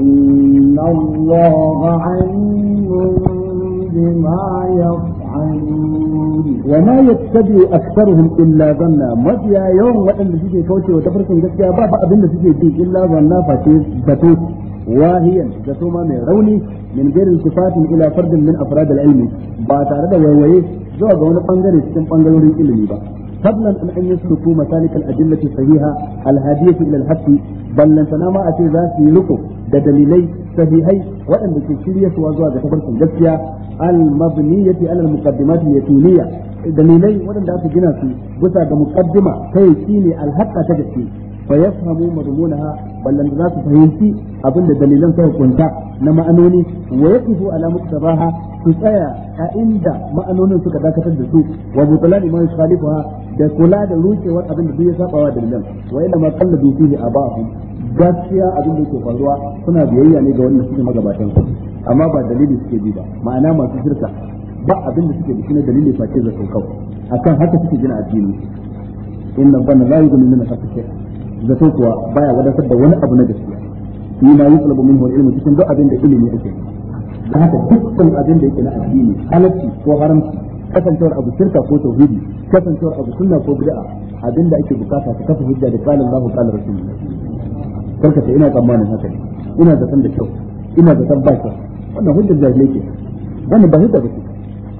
إن الله عليم بما يفعلون وما يتبع أكثرهم إلا ظنا مجيا يوم وأن سيكي كوشي وتفرسن جسيا بابا أبن سيكي بي إلا ظنا فاتيس بتوت واهيا جسوما من روني من غير التفات إلى فرد من أفراد العلم باتارد ويويه zuwa ga wani bangare cikin bangarorin ilimi ba فضلا ان يسلكوا مسالك الادله الصحيحه الهاديه الى الحق بل لن تنام اتي ذات لكم da dalilai sahihai waɗanda ke suwa zuwa ga tafarkin gaskiya al-mabniyati ala al-muqaddimati yatuniya dalilai waɗanda aka gina su bisa ga muqaddima ta ne al-haqqa ta gaske fa yafhamu madmunaha ballan za su fahimci abinda dalilan sai hukunta na ma'anoni wa yaqifu ala muktabaha su tsaya a inda ma'anonin suka dakatar da su wa butalani ma yukhalifuha da kula da rucewar abinda duk ya sabawa dalilan wa inna ma qallabu fihi aba'ahum gaskiya abin da yake faruwa suna biyayya ne ga wannan suke magabatan su amma ba dalili suke bi ba ma'ana masu shirka ba abin da suke bi shi na dalili face da sun kawai akan haka suke gina addini inna banna la yughni min al-haqqi zato kuwa baya wadatar da wani abu na gaskiya ni ma yutlabu minhu al-ilmu cikin duk abin da ilimi ake da haka dukkan abin da yake na addini halacci ko haramci kasancewar abu shirka ko tauhidi kasancewar abu sunna ko bid'a abin da ake bukata ka kafa hujja da qala Allahu qala Rasulullah karka ina tsammanin haka ne ina zaton da kyau ina zaton ba kyau wannan hujjar jahilai ke wannan ba hujja ba ce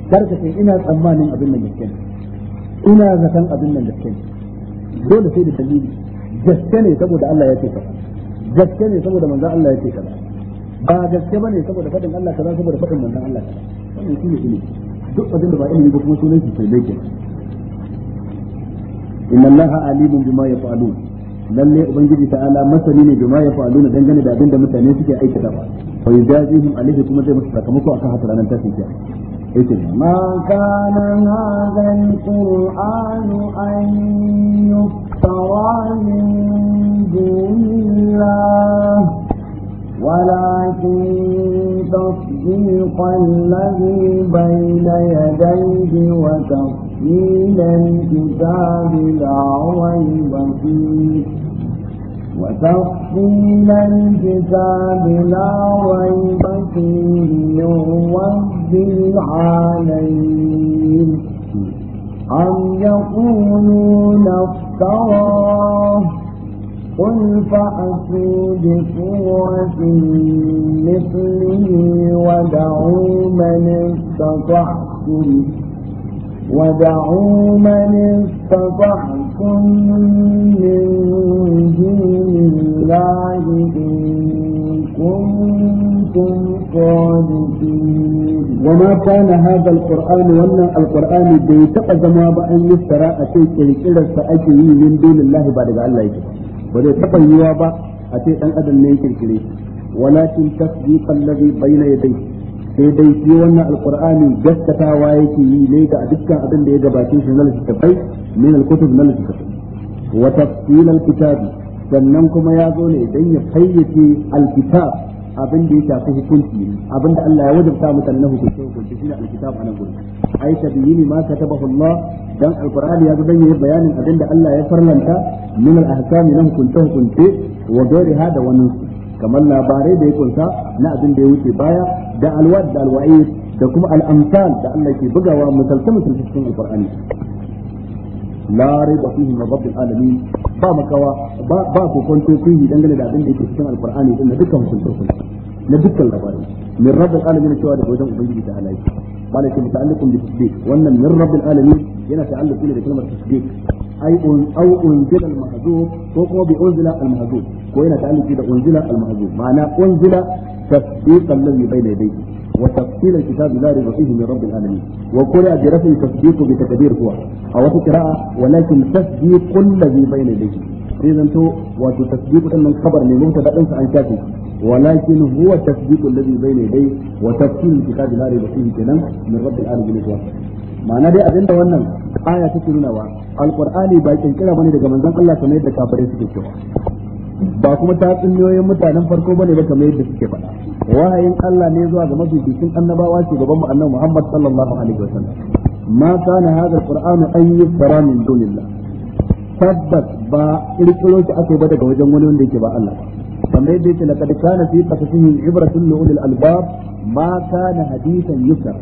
karka ina tsammanin abin nan gaske ne ina zaton abin nan gaske ne dole sai da dalili gaske ne saboda Allah ya ce ka gaske ne saboda manzo Allah ya ce ka ba gaske bane saboda fadin Allah kaza saboda fadin manzo Allah kaza wannan shi ne duk abin da ba ilimi ba kuma sunan shi sai dai ke inna allaha alimun bima yaf'alun lalle ubangiji ta'ala masani ne bima ya na dangane da abinda mutane suke aikata ba fa yajazihum alaihi kuma zai musu sakamako akan haka ranar tafi ta. yake ma kana hadal qur'anu an yuftara min dunillah ولكن تصديق الذي بين يديه وتفصيل من الكتاب لا ريب فيه وتفصيل الكتاب لا ريب فيه من العالمين أم يقولون افتراه قل فأتوا بسورة مثله ودعوا من استطعتم ودعوا من استطعتم من دون الله إن كنتم صادقين وما كان هذا القرآن وأن القرآن بيتقى ما بأن يفترى أشيء كالكرة فأجي من دون الله بعد الله يجب وبيتقى يوابا أشيء أن أدن نيكالكرة ولكن تصديق الذي بين يديه sai dai shi wannan alqur'ani gaskatawa yake yi ne ga dukkan abin da ya gabace shi na littattafai min alkutub na littattafai wa tafsil alkitabi sannan kuma ya zo ne dan ya fayyace alkitab abin da ya shafi hukunci abin da Allah ya wajabta mutane na hukunci hukunci shine alkitab anan gurin ai yini ma katabahu Allah dan alqur'ani ya zo dan yayi bayanin abin da Allah ya farlanta min alahkam na hukunce hukunce wa gairi hada wannan kamar labarai da ya kunsa na abin da ya wuce baya da alwad da alwa'id da kuma al'amsal da Allah ke bugawa misalta misalta cikin alqur'ani la raiba fihi min rabbil alamin ba makawa ba ba ko kwanto fihi dangane da abin da yake cikin alqur'ani din na dukkan hukuncin na dukkan labarai min rabbil alamin cewa da wajen ubangiji ta halaki malaka muta'alliqun bi tasdiq wannan min rabbil alamin yana ta'alluqi da kalmar tasdiq ai au unzila al-mahzuf ko kuma bi unzila al-mahzuf ko yana ta'alluki da unzila al-mahzuf ma'ana unzila tasdiqan ladhi bayna yadayhi wa tafsil al-kitab la rayba fihi min rabbil alamin wa qira bi rafi tasdiqu bi taqdir huwa aw qira'a walakin tasdiqun ladhi bayna yadayhi sai an shafe ولكن هو التصديق الذي بين يديه وتفصيل الكتاب لا ريب فيه من رب العالمين ma'ana dai abinda wannan aya take nunawa alqur'ani ba kinkira bane daga manzon Allah kamar yadda kafirai suke cewa ba kuma ta tsinniyoyin mutanen farko bane ba kamar yadda suke faɗa wahayin Allah ne zuwa ga mafificin annabawa ce gaban mu annabi Muhammad sallallahu alaihi wasallam ma kana hadha alqur'anu an yusra min dunillah tabbas ba kirkiro shi aka ba daga wajen wani wanda yake ba Allah kamar yadda yake laqad kana fi qasasihim ibratun li ulil albab ma kana hadithan yusra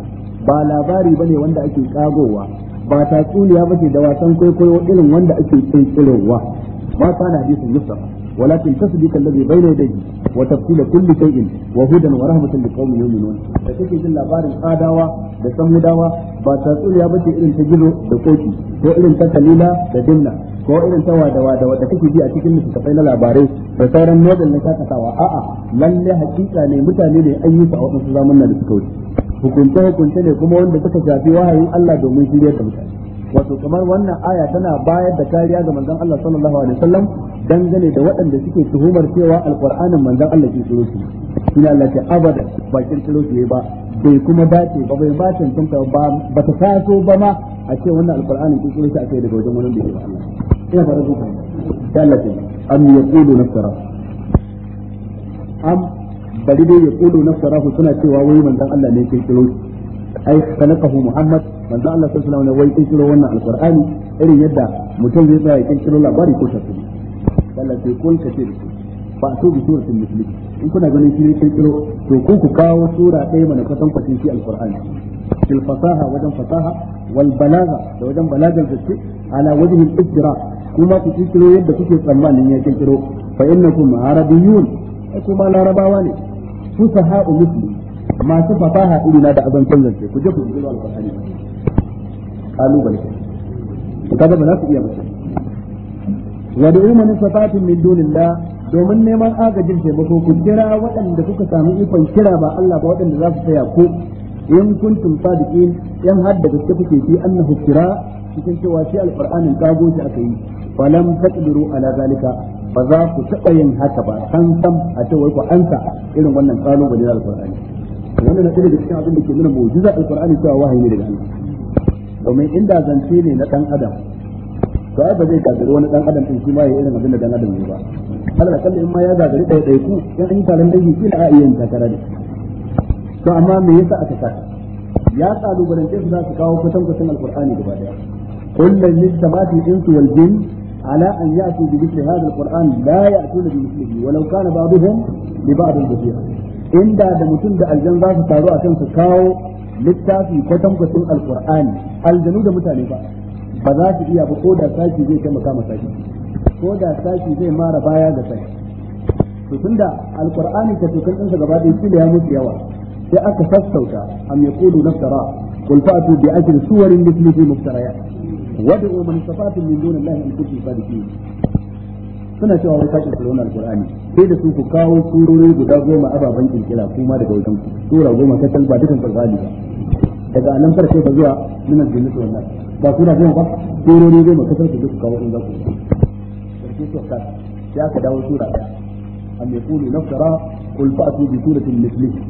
ba labari bane wanda ake kagowa ba tatsuniya bace da wasan kwaikwayo irin wanda ake tsinkirowa ba ta da hadisin yusufa Walakin ولكن تصديق الذي بين يديه وتفصيل كل شيء da ورحمة لقوم يؤمنون فكيف يجل لابار الآداوة da samudawa ba tatsuniya ba ce irin ta gizo da koki ko irin ta kalila da dinna ko irin ta wadawa da kake ji a cikin littattafai na labarai da sauran nobel na kakatawa a'a lalle hakika ne mutane ne an yi su a waɗansu zamanin da suka wuce hukunce hukunce ne kuma wanda suka shafi wahayin Allah domin shirya da mutane wato kamar wannan aya tana bayar da kariya ga manzon Allah sallallahu alaihi wasallam dangane da waɗanda suke tuhumar cewa alqur'anin manzon Allah ke tsoro shi ina Allah ta abada ba kin tsoro shi ba bai kuma dace ba bai ba tantanta ba ba ta taso ba ma a ce wannan alqur'anin kin tsoro shi akai daga wajen wannan da yake Allah ina fara zuwa ta Allah ta am yaqulu nafsara am bari dai yaqulu nafsara suna cewa wai manzon Allah ne ke tsoro shi ai sanakahu muhammad manzo Allah sallallahu alaihi wasallam wai kirkiro wannan alqur'ani irin yadda mutum zai tsaya kirkiro labari ko tafsiri Kala sai kun kace da ba to bi suratul muslimin in kuna ganin shi ne kirkiro to ku ku kawo sura ɗaya mana kwatan kwatan shi alqur'ani fil fasaha wajen fasaha wal balaga da wajen balagar gaske ala wajhi al-ijra kuma ku kirkiro yadda kuke tsammanin ya kirkiro fa innakum arabiyyun kuma larabawa ne fusaha'u muslimin masu fasaha iri na da azancin zance ku je ku ji alƙur'ani kalubale kaga ba za ku iya ba wa da umman safatin min dunillah domin neman agajin taimako ku kira waɗanda kuka samu ikon kira ba Allah ba waɗanda za su tsaya ku in kuntum sadiqin yan har da gaske kuke fi annahu kira cikin cewa shi alqur'anin kago shi aka yi falam taqdiru ala zalika ba za ku taɓa yin haka ba san san a cewa ku ansa irin wannan kalubale na alqur'ani wannan na daga cikin abin da ke nuna mu'jiza alqur'ani cewa wahayi ne daga Allah domin inda zance ne na dan adam to ba zai gagari wani dan adam din shi ma ya irin abin da dan adam ne ba da kalla in ma ya gagari ɗaya ɗaya ku in an yi taron dangi shi na a iya yin takara da to amma me yasa aka saka ya kalubalance su za su kawo kusan kusan alqur'ani gaba daya ni lissamati insu wal jinn على أن يأتوا بمثل هذا القرآن لا يأتون بمثله ولو كان بعضهم لبعض بصيرا inda da mutum da aljan za su taru kan su kawo littafi kwatankwacin alkur'ani aljanu da mutane ba ba za su iya ba ko da sashi zai taimaka masa sashi ko da sashi zai mara baya ga sashi to tunda alkur'ani ta tukan ɗinsa gaba ɗaya shi da ya mutu yawa sai aka sassauta am yaqulu naftara qul fa'tu bi ajri suwarin mithlihi muftariyat wad'u man istata'tum min dunillahi in kuntum sadiqin suna cewa wai sakin surorin alqur'ani sai da su ku kawo surorin guda goma ababen kirkira kuma daga wajen ku sura goma ta kalba dukkan alqur'ani ba daga nan farko ba zuwa min al-jinni wannan ba sura goma ba surorin goma ka sarki duk kawo in za ku sarki to ka sai aka dawo sura am yaqulu naftara qul fa'tu bi suratin mithlihi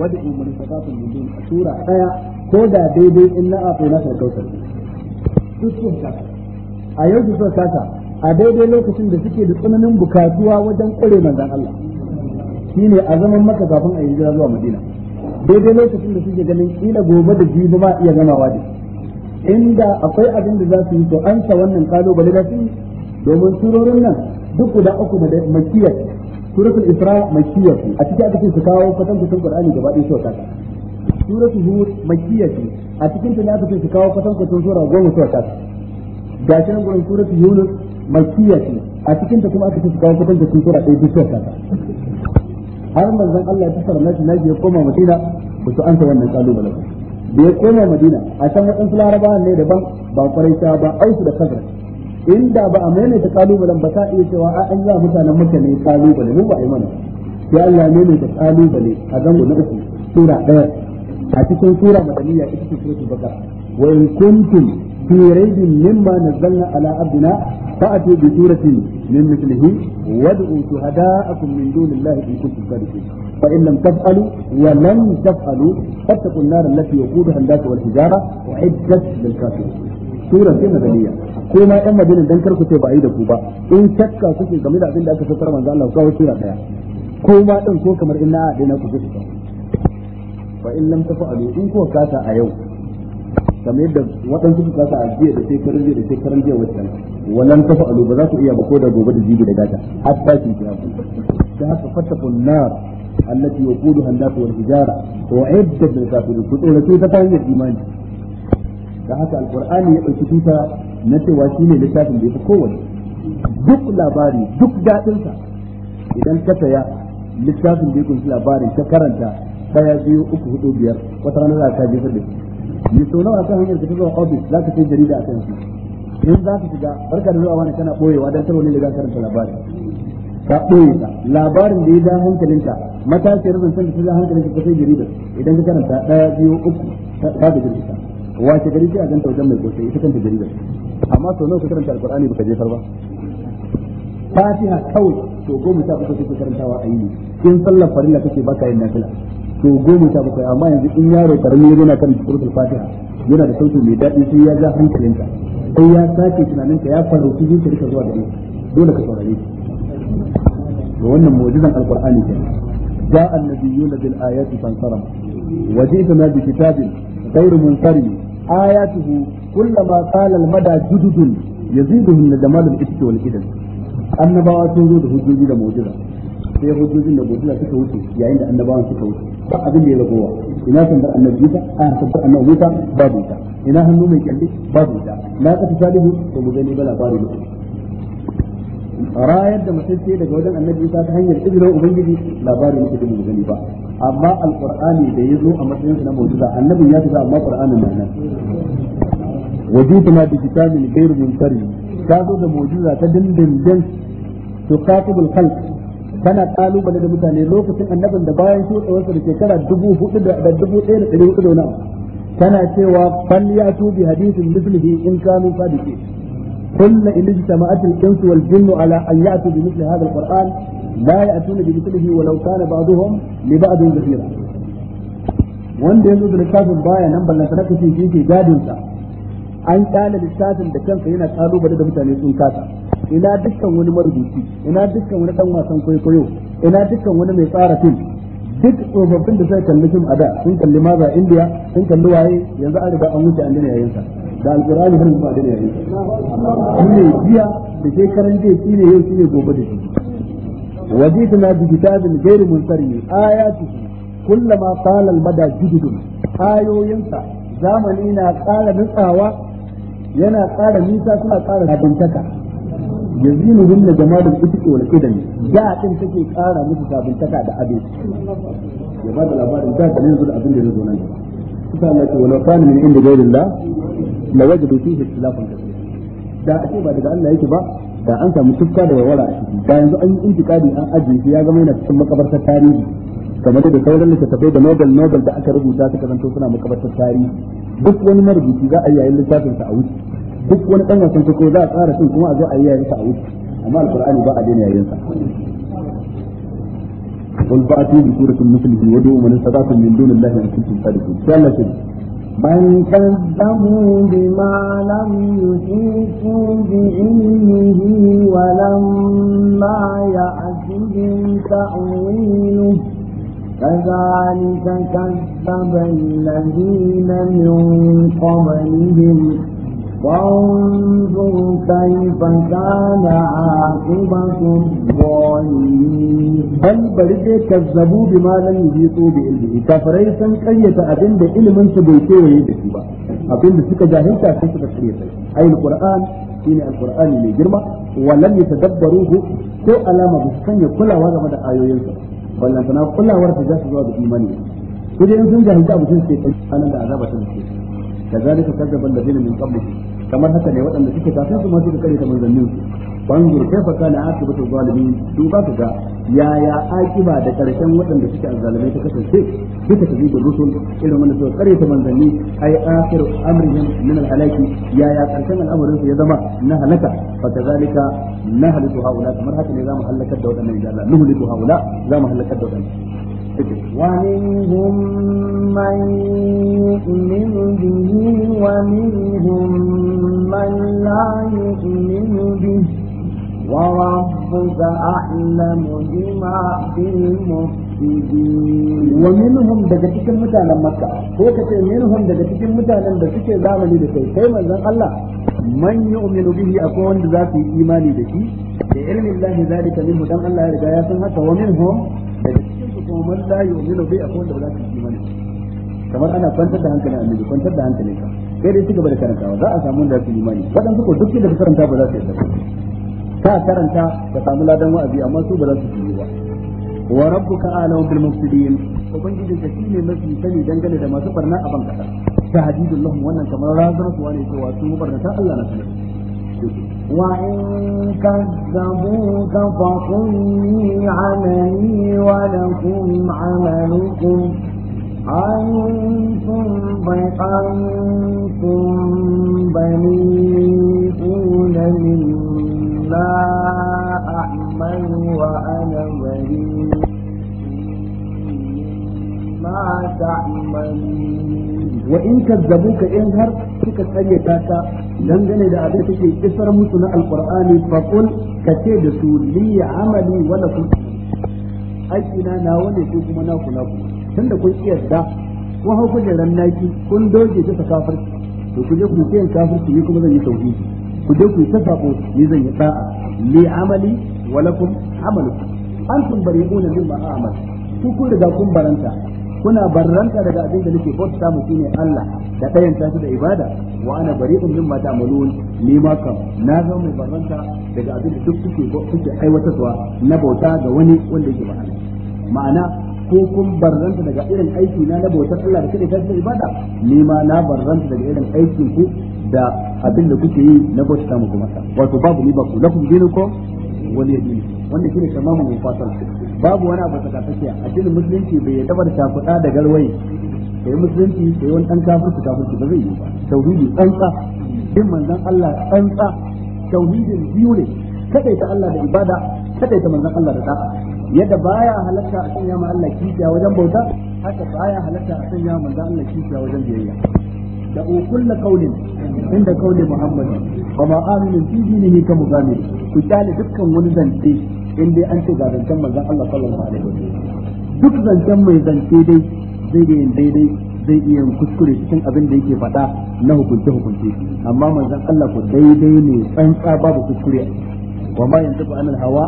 wad'u man istata'tum mutum a tura daya ko da daidai in na a na sarkautar duk sun kasa a yau su sun kasa a daidai lokacin da suke da tsananin bukatuwa wajen kware manzon Allah shi ne a zaman maka kafin a yi hijira zuwa Madina daidai lokacin da suke ganin kila gobe da jibi ba iya gama da inda akwai abin da za su yi to an sa wannan kalubale da su domin surorin nan duk guda uku makiyar suratul isra makiyar a cikin aka ce su kawo kwatan kwatan qur'ani gaba ɗaya sau kaka suratul hud makiyar a cikin ta ne aka ce su kawo kwatan kwatan sura goma sau kaka ga shi nan gurin suratul yunus makkiya ce a cikin ta kuma aka ce su kawo kutan da sun kura ɗaya bishiyar kasa har manzon Allah ya tsara nashi nashi ya koma Madina ba su ansa wannan kalubalen da ya koma Madina a can su larabawan ne daban ba kwaraita ba auku da kazar inda ba a maimaita kalubalen ba ta iya cewa a an za mutanen maka ne kalubale mu ba a yi mana sai Allah ne ne da kalubale a zango na uku sura ɗaya a cikin sura madaniya ita ce suratul baqara wa in kuntum في ريب مما نزلنا على عبدنا فأتوا بسورة من مثله وادعوا شهداءكم من دون الله إن كنتم صادقين فإن لم تفعلوا ولن تفعلوا فاتقوا النار التي وقودها الناس والحجارة أعدت للكافرين سورة مدنية ko ma yan madina dan kar ku ce ba a yi da ku ba in shakka kuke game da abin da aka saukar manzo Allah kawo sura daya ko ma din ko kamar inna a dai na ku kuka fa in lam tafa'alu in ko kasa a yau kamar yadda waɗansu suka kasa ajiya da shekaran jiya da shekaran jiya wancan walan tafa alu ba za su iya ba ko da gobe da jibi da gata hatta ki ya ku da haka fatakun nar allati yaquduha an-nas wal hijara wa iddat lil kafirin ku tsora sai ta hanyar imani da haka alqur'ani ya dauki tuta na cewa shine littafin da yafi kowanne duk labari duk dadin sa idan ka saya littafin da ya kunshi labarin ka karanta daya biyu uku hudu biyar wata rana za ka je da shi ne so nawa kan hanyar ka zuwa office za ka sai jarida a kan shi in za ka shiga barka da zuwa wani kana boyewa dan tarwa ne da za ka karanta labari ka boye ta labarin da ya da hankalinka matashiyar zancen da ta da hankalinka ka sai jarida idan ka karanta ɗaya biyu uku ka da jarida wace gari sai a ganta wajen mai kosai ita kanta jarida amma so nawa ka karanta alqur'ani baka jefar ba fatiha kawai to goma sha uku kake karantawa a yi in sallar farilla kake baka yin nafila to goma sha bakwai amma yanzu in yaro karami yana kan suratul fatiha yana da sautin mai daɗi sai ya ja hankalinka sai ya sake tunaninka ya farauki zuciyarka zuwa gare dole ka saurare shi to wannan mu'jizan alqur'ani kenan ja'a an-nabiyyuna bil ayati fansaram wa ji'tuna bi kitabin غير منفرد آياته كلما قال المدى جدد يزيدهن جمال الإفك والكذب annabawa sun zo da hujjoji da mu'jiza sai hujjojin da gobila suka wuce yayin da annabawan suka wuce ba abin da ya ragowa ina sandar annabi Musa a sandar annabi Musa babu ita ina hannu mai kyalli babu ita na kafa salihu to mu gani ba labari ne rayar da mutunce daga wajen annabi Musa ta hanyar izinin ubangiji labari ne da mu gani ba amma alqur'ani da ya zo a matsayin sa na mu'jiza annabin ya fita amma qur'anin na nan wajituna bi kitabin ghayr mumtari ka zo da mu'jiza ta dindindin tuqatibul khalq Tana kalubale da mutane lokacin annabin da bayan shuɗewarsa da shekara dubu hudu da dubu ɗaya da ɗari hudu da wani Tana cewa fal ya tubi hadithin mislihi in kanu sadiqin كل إن an الإنس والجن على أن يأتوا بمثل هذا القرآن لا يأتون بمثله ولو كان بعضهم لبعض ظهيرا wanda ya zo da littafin baya nan ballan sana kace shi ke gadin sa an kyale littafin da kansa yana kalubale da mutane sun kasa ina dukkan wani marubuci ina dukkan wani dan wasan kwaikwayo ina dukkan wani mai tsara fim duk tsofaffin da suka kalli fim a da sun kalli maza indiya sun kalli waye yanzu an riga an wuce an dina yayin sa da alqur'ani har ba dina yayin sa ne jiya da shekaran jiya ne yau ne gobe da shi wajidna bi kitabin ghairu munsari ayatu kullama qala albada bada jididun ayoyinsa zamani na ƙara nutsawa yana ƙara nisa kuma ƙara dantaka yazilu hunna jamalul itqi wal qidam da din take kara musu sabuntaka da abin ya ba da labarin da da yanzu da abin da zo nan kusa Allah ce wala kana min inda ghayrillah la wajadu fihi ikhtilafan kaseer da ake ba daga Allah yake ba da an samu tufka da a ciki da yanzu an yi intikadi an ajiye shi ya zama yana cikin makabartar tarihi kamar da sauran littattafai da nobel nobel da aka rubuta suka zanto suna makabartar tarihi duk wani marubuci za a yayin littafin a wuce duk wani dan wasan ko za a tsara sun kuma a zo a yi yayin sa a wuce amma alqur'ani ba a daina yayin sa قل فأتوا بسورة مثله وادعوا من استطعتم من دون الله إن كنتم صادقين. يلا شوف. بل كذبوا بما لم يحيطوا بعلمه ولما يأتهم تأويله كذلك كذب الذين من قبلهم فانظر كيف كان عاقبة الظالمين بل برد كذبوا بما لم يحيطوا بعلمه كفري سن قرية أبن ده علم سبيتي ويدكي با أبن ده سكا جاهلتا سن سكا قرية أي القرآن shine alqur'ani mai girma walam yatadabbaruhu ko alama ba su sanya kulawa game da ayoyinsa wallan tana kulawar ta zasu zuwa da imani ko dai sun jahilta abu sun sai anan da azaba ta mutu kazalika kadzaba alladhina min qablihim kamar haka ne waɗanda suke kafin su ma suka kare ta manzannin su fanzur kaifa kana akibatu zalimin su ba ka ga yaya akiba da karshen waɗanda suke azzalimai ta kasance duka ta zuwa rusul irin wanda suka kare ta manzanni ai akhir amrihim min al-halaki yaya karshen al'amarin su ya zama na halaka fa kazalika nahliku haula kamar haka ne zamu halakar da waɗannan idan Allah nuhliku haula zamu halakar da waɗannan ومنهم من يؤمن به ومنهم من لا يؤمن به وربك أعلم بما في المفسدين ومنهم daga cikin mutanen Makka ko kace minhum daga cikin mutanen da suke zamani da kai kai manzon Allah man yu'minu bihi akwai wanda za su yi imani da shi da ilmin lahi zalika minhu dan Allah ya riga ya san haka wa daga kuma man la yu'minu bi akwai wanda ba za ka yi imani kamar ana kwantar da hankali annabi kwantar da hankalin ka kai dai cigaba da karantawa za a samu wanda za su imani waɗansu ko duk da su karanta ba za su yi yarda ka karanta ka samu ladan wa'azi amma su ba za su yi ba wa rabbuka a'lamu bil mufsidin ubangiji ka shine mafi sani dangane da masu barna a ban kasa shahidullahu wannan kamar razan su ne cewa su barna ta Allah na sanar وإن كذبوك فقل لي عملي ولكم عملكم أنتم أنتم بريئون مما أعمل وأنا بريء ما تعملون وإن كذبوك إن هر تلك الآية تاتا دنجني دا أبي إسر مسنا القرآن فقل كتيد لي عملي ولكم أجنا ناولي فيكم ناكو ناكو tunda kun iya da kun hau kujeran naki kun doge ta kafirci to ku je ku ce ni kuma zan yi tauhidi ku je ku ta ni zan yi da'a li amali wa kun baranta kuna barranta daga abin da nake bauta mu shine Allah da ɗayan tasu da ibada wa ana bari'un mimma ta'malun ni ma kam na zama mai barranta daga abin da duk kuke kuke aiwatarwa na bauta ga wani wanda yake ba Allah ma'ana ko kun barranta daga irin aiki na na bautar Allah da kake tasu da ibada ni ma na barranta daga irin aikin ku da abin da kuke yi na bauta mu kuma wato babu ni ba ku lakum dinukum wani yadini wannan shine tamamin mufassal babu wani abu tsakatsakiya cikin musulunci bai yi dabar shafuɗa da garwai. Sai musulunci sai wani ɗan kafirci kafirci ba zai yi ba tauhidi tsantsa din manzon Allah tsantsa tauhidin biyu ne kadai ta Allah da ibada kadai ta manzon Allah da da'a yadda baya halatta a sanya ma Allah kishiya wajen bauta haka baya halatta a sanya manzon Allah kishiya wajen biyayya da ukulla kaulin inda kaulin Muhammadu. fa ma aminu fi dinihi ka muzammil ku kyale dukkan wani zance in dai an ce ga zancen manzon Allah sallallahu alaihi wasallam duk zancen mai zance dai zai da yin daidai kuskure cikin abin da yake faɗa na hukunce hukunce amma manzon Allah ku daidai ne tsantsa babu kuskure wa ma yantabu anil hawa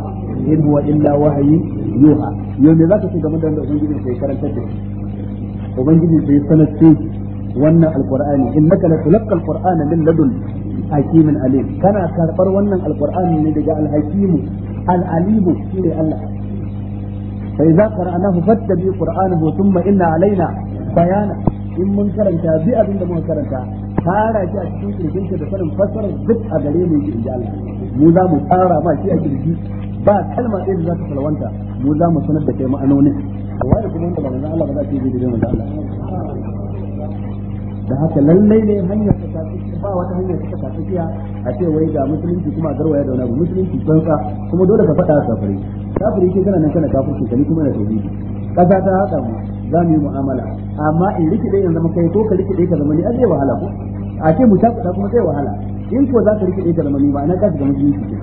in huwa illa wahayi yuha yau ne zaka ce game da wanda ubangiji wannan alqur'ani innaka la tulqa alqur'ana min ladun hakimin alim kana karbar wannan alqur'ani ne daga alhakimu alalimu shine Allah fa idza qara'nahu fattabi qur'anahu thumma inna alaina bayana in mun karanta bi abin da muka karanta tara shi a cikin kirjinka da sanin fassarar duk a gare mu inji Allah mu za mu tsara ma shi a kirji ba kalma ɗaya da za ta salwanta mu za mu sanar da kai ma'anonin wai kuma wanda ba Allah ba za ta yi da Allah da haka lallai ne hanyar ta tafi ba wata hanyar ta tafi tafiya a ce wai ga musulunci kuma garwaya da wani musulunci musulunci bansa kuma dole ka faɗa kafiri kafiri ke kana nan kana kafirci kani kuma na tauhidi kaza ta haka mu za mu yi mu'amala amma in rikide yanzu zama kai ko ka rikide ka zama ni azai wahala ko a ce mu tafi kuma zai wahala in ko za ka rikide ka zama ni ba na kasu ga musulunci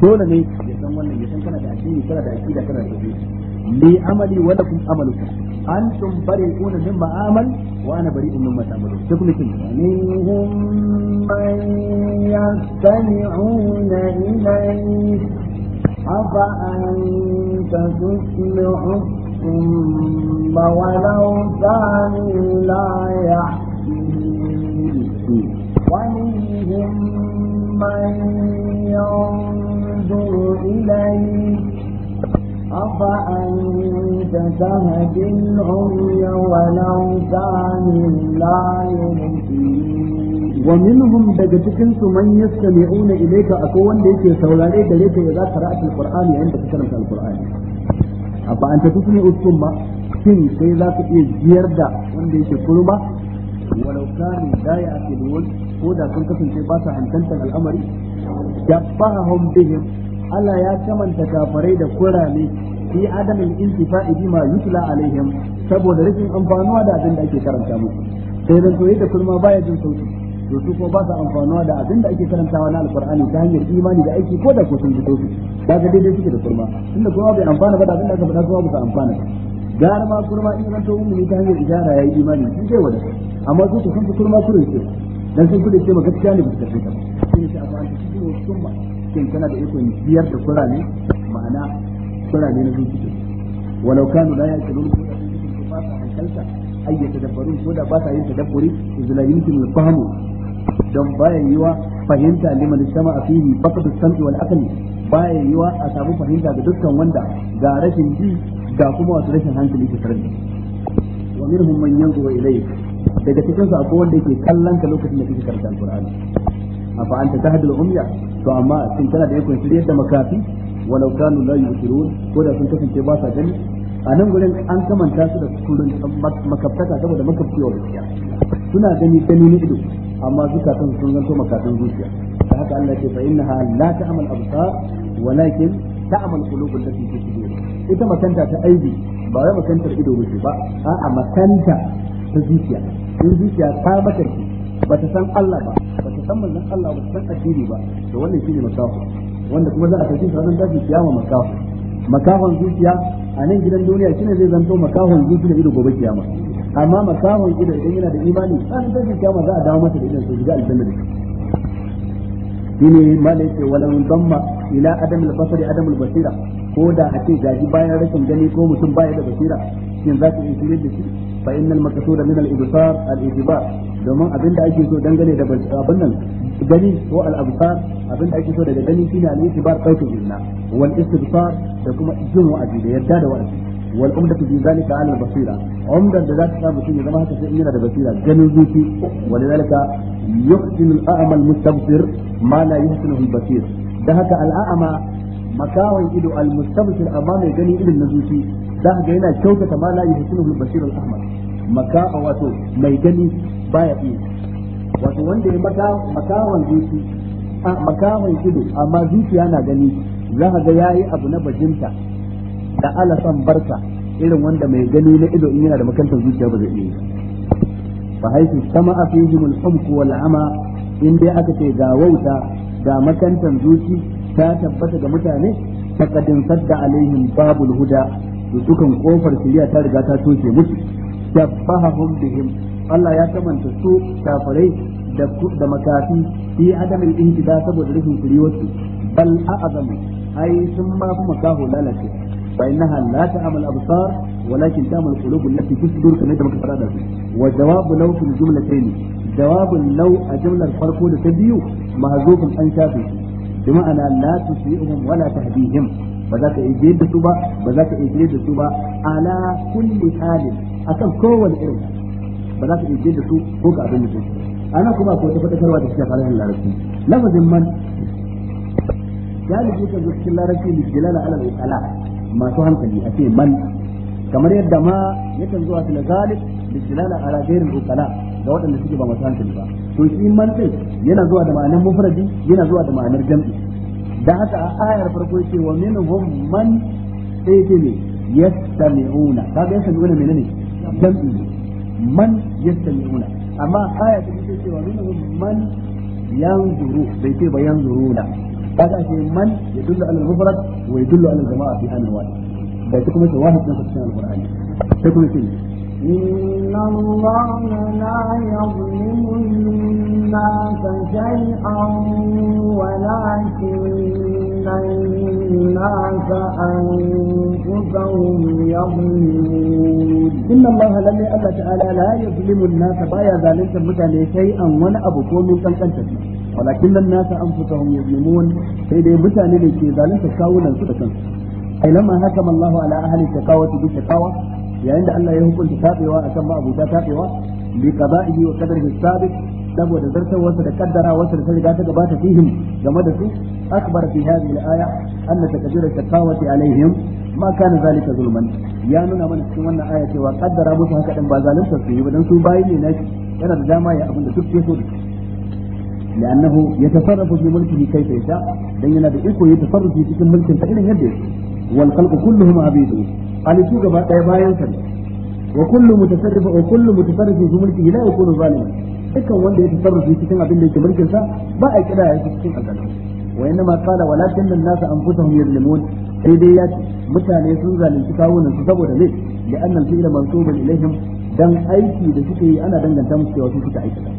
dole ne ya san wannan ya san kana da addini kana da aqida kana da tauhidi li amali wa lakum amalukum antum bari'una mimma amal wa ana bari'un mimma ta'malun sai kuma kin minhum man yastami'una ilayk ولو كانوا لا يحسنون ومنهم من ينظر إليك أفأنت تهدي العمي ولو كان لا ومنهم daga cikin su man yastami'una ilayka akwai wanda yake saurare gare ka idza qara'at alqur'ani yayin da ka karanta alqur'ani afa anta tusmi'u thumma shin sai za ka iya jiyar da wanda yake kurma walau kanu la ya'qilun ko da sun kasance ba sa hankantar al'amari jabbahum bihim Allah ya kamanta kafarai da kurame fi adamin intifa'i bima yutla alaihim saboda rikin amfanuwa da abin da ake karanta musu sai dan to da kurma baya jin sauti to su kuma ba su amfanuwa da abin da ake karantawa na alqur'ani ta hanyar imani da aiki ko da ko sun ji sauti kaga daidai suke da kurma tunda kuma bai amfana ba da abin da aka faɗa kuma ba su amfana gara ma kurma in zanto ummi ta hanyar ijara yayi imani sun zai wada amma su sun fi kurma kurin ce dan sun kuɗe ce ma gaskiya ne ba su karɓe ta sai ce a ba ta cikin wasu shin kana da ikon biyar da kurane ma'ana kurane na zuciya walau kanu la yaqulun ba sa hankalta ay yatadabbarun ko da ba sa yin tadabburi izla yumkin al-fahmu don baya yiwa fahimta liman sama fihi faqad as-sam'i wal aqli baya yiwa a samu fahimta ga dukkan wanda ga rashin ji ga kuma wasu rashin hankali ta tare wa minhum man yanzu ilayk daga cikin su akwai wanda yake kallon ka lokacin da kake karanta al afa anta tahdul umya to amma shin kana da ikon shiryar da makafi walau kanu la yusirun ko da sun kasance ba sa gani a nan gurin an kamanta su da kullun makaftaka saboda makafciwa gaskiya suna gani gani ne ido amma zukatan sun zanto makafin zuciya da haka Allah ce fa innaha la ta'mal absar walakin ta'mal qulubul lati fi sudur ita makanta ta aibi ba wai makantar ido ba a'a makanta ta zuciya in zuciya ta makarci ba ta san Allah ba ba ta san manzon Allah ba ta san addini ba to wannan shine makafu wanda kuma za a tafi sa ran tafi kiyama makafu makahon zuciya a nan gidan duniya shine zai zanto makahon zuciya ido gobe kiyama amma makahon ido idan yana da imani an tafi kiyama za a dawo masa da idan su shiga aljanna da shi shine malai ce walan damma ila adam al-basar adam al-basira ko da ake ce gaji bayan rashin gani ko mutum baya da basira shin za ka yi shirye da shi fa innal maqsud min al-ibsar al-itibar domin abinda ake so dangane da abin nan gani ko al-absar abinda ake so daga gani shine al-itibar kautu billah wal istighfar da kuma jin wa'azi da yadda da wa'azi wal umdatu bi zalika ala al-basira umdan da za ta samu shine zama haka sai in yana da basira ganin zuci wa lidalika yuhsinu al-a'mal mustabsir ma la yuhsinu al-basir da haka al'a'ama makawan ido al-mustabshir amma mai gani irin na zuci da haka yana kyautata ma la yuhsinu al-basir al-ahmar maka wato mai gani baya iya wato wanda ya maka makawan zuci a makawan ido amma zuciya na gani za ka ga yayi abu na bajinta da alasan barka irin wanda mai gani na ido in yana da makantar zuciya ba zai iya fa haisu sama afihim al-humq wal ama in dai aka ce ga wauta da makantan zuci ta tabbata ga mutane faqadin sadda alaihim babul huda da dukan kofar shari'a ta riga ta toke musu shabbahum bihim Allah ya kamanta su kafirai da da makafi fi adamin intida saboda rashin shiriwarsu bal a'azam ai sun ma fi makaho lalace fa innaha la ta'mal absar walakin ta'mal qulubul lati fi sudur da muka da su wa jawabu law jumlatayn jawabin law a jumlar farko da ta biyu mahzufun an shafe shi bi ma'ana la tusbi'uhum wala tahdihim ba za ka iya da su ba ba za ka iya da su ba ala kulli halin akan kowane irin ba za ka iya da su ko ka abin da ana kuma ko ta fadakarwa da cikin halin larabci lafazin man galibi kan cikin larabci ala masu hankali man kamar yadda ma yakan zuwa fil ghalib lijilala ala ghairil ukala ga waɗanda suke ba masu hankali ba to shi man din yana zuwa da ma'anar mufradi yana zuwa da ma'anar jam'i dan haka a ayar farko yake wa minhum man sai yake ne yastami'una kaga yastami'una menene jam'i man yastami'una amma aya ta ce cewa minhum man yanzuru bai ce ba yanzuruna kaga ce man yadullu ala al-mufrad wa yadullu ala al-jama'a fi an wahid bai kuma ce wahid na cikin al-qur'ani sai kuma ce إن الله لا يظلم الناس شيئا ولكن الناس أنفسهم يظلمون إن الله لم يأبى تعالى لا يظلم الناس بايا ذلك متى شيئا ولا أبو كومي كان كنتبه ولكن الناس انفسهم يظلمون sai dai mutane da ke zalunta kawunan su da kansu ai lamma hakama Allahu ala ahli taqawati bi taqawa yayin da Allah ya hukunta tabewa akan ma abuta tabewa bi qada'ihi wa qadarihi sabiq saboda zartarwarsa da kaddarawarsa da ta riga ta gabata fihim game da su akbar fi hadhihi al-aya anna takdira shaqawati alaihim ma kana zalika zulman ya nuna mana cikin wannan aya cewa kaddara musu haka din ba zalunta su yi ba dan su bayi ne na yana da dama ya abin da duk so da لأنه يتصرف في ملكه كيف يشاء لأننا بإلكو يتصرف في تلك الملك فإذا يده wal khalqu kulluhum abidu halittu gaba daya bayan sa wa kullu mutasarrifa wa kullu mutasarrifin fi mulkihi la wanda ya tasarrufi cikin abin da yake mulkin sa ba a kira ya cikin azalin wa inna ma qala walakin an-nas anfusuhum yuzlimun sai dai ya mutane sun zalunci kawunan su saboda ne da annal fi'la mansubun ilaihim dan aiki da suke yi ana danganta musu cewa su suka aikata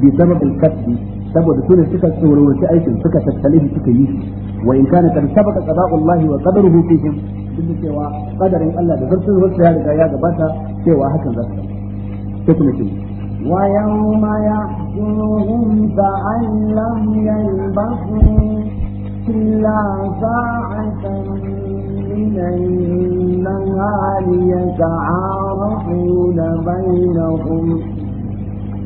bi sababin kasbi saboda su ne suka tsororoci aikin suka tattale shi suka yi wa in kana kad sabaka Allah wa qadaruhu fihim duk da cewa qadarin Allah da zartun wasu ya riga ya gabata cewa hakan za su sai kuma ce ويوم يحشرهم كأن لم يلبثوا إلا ساعة من النهار يتعارفون بينهم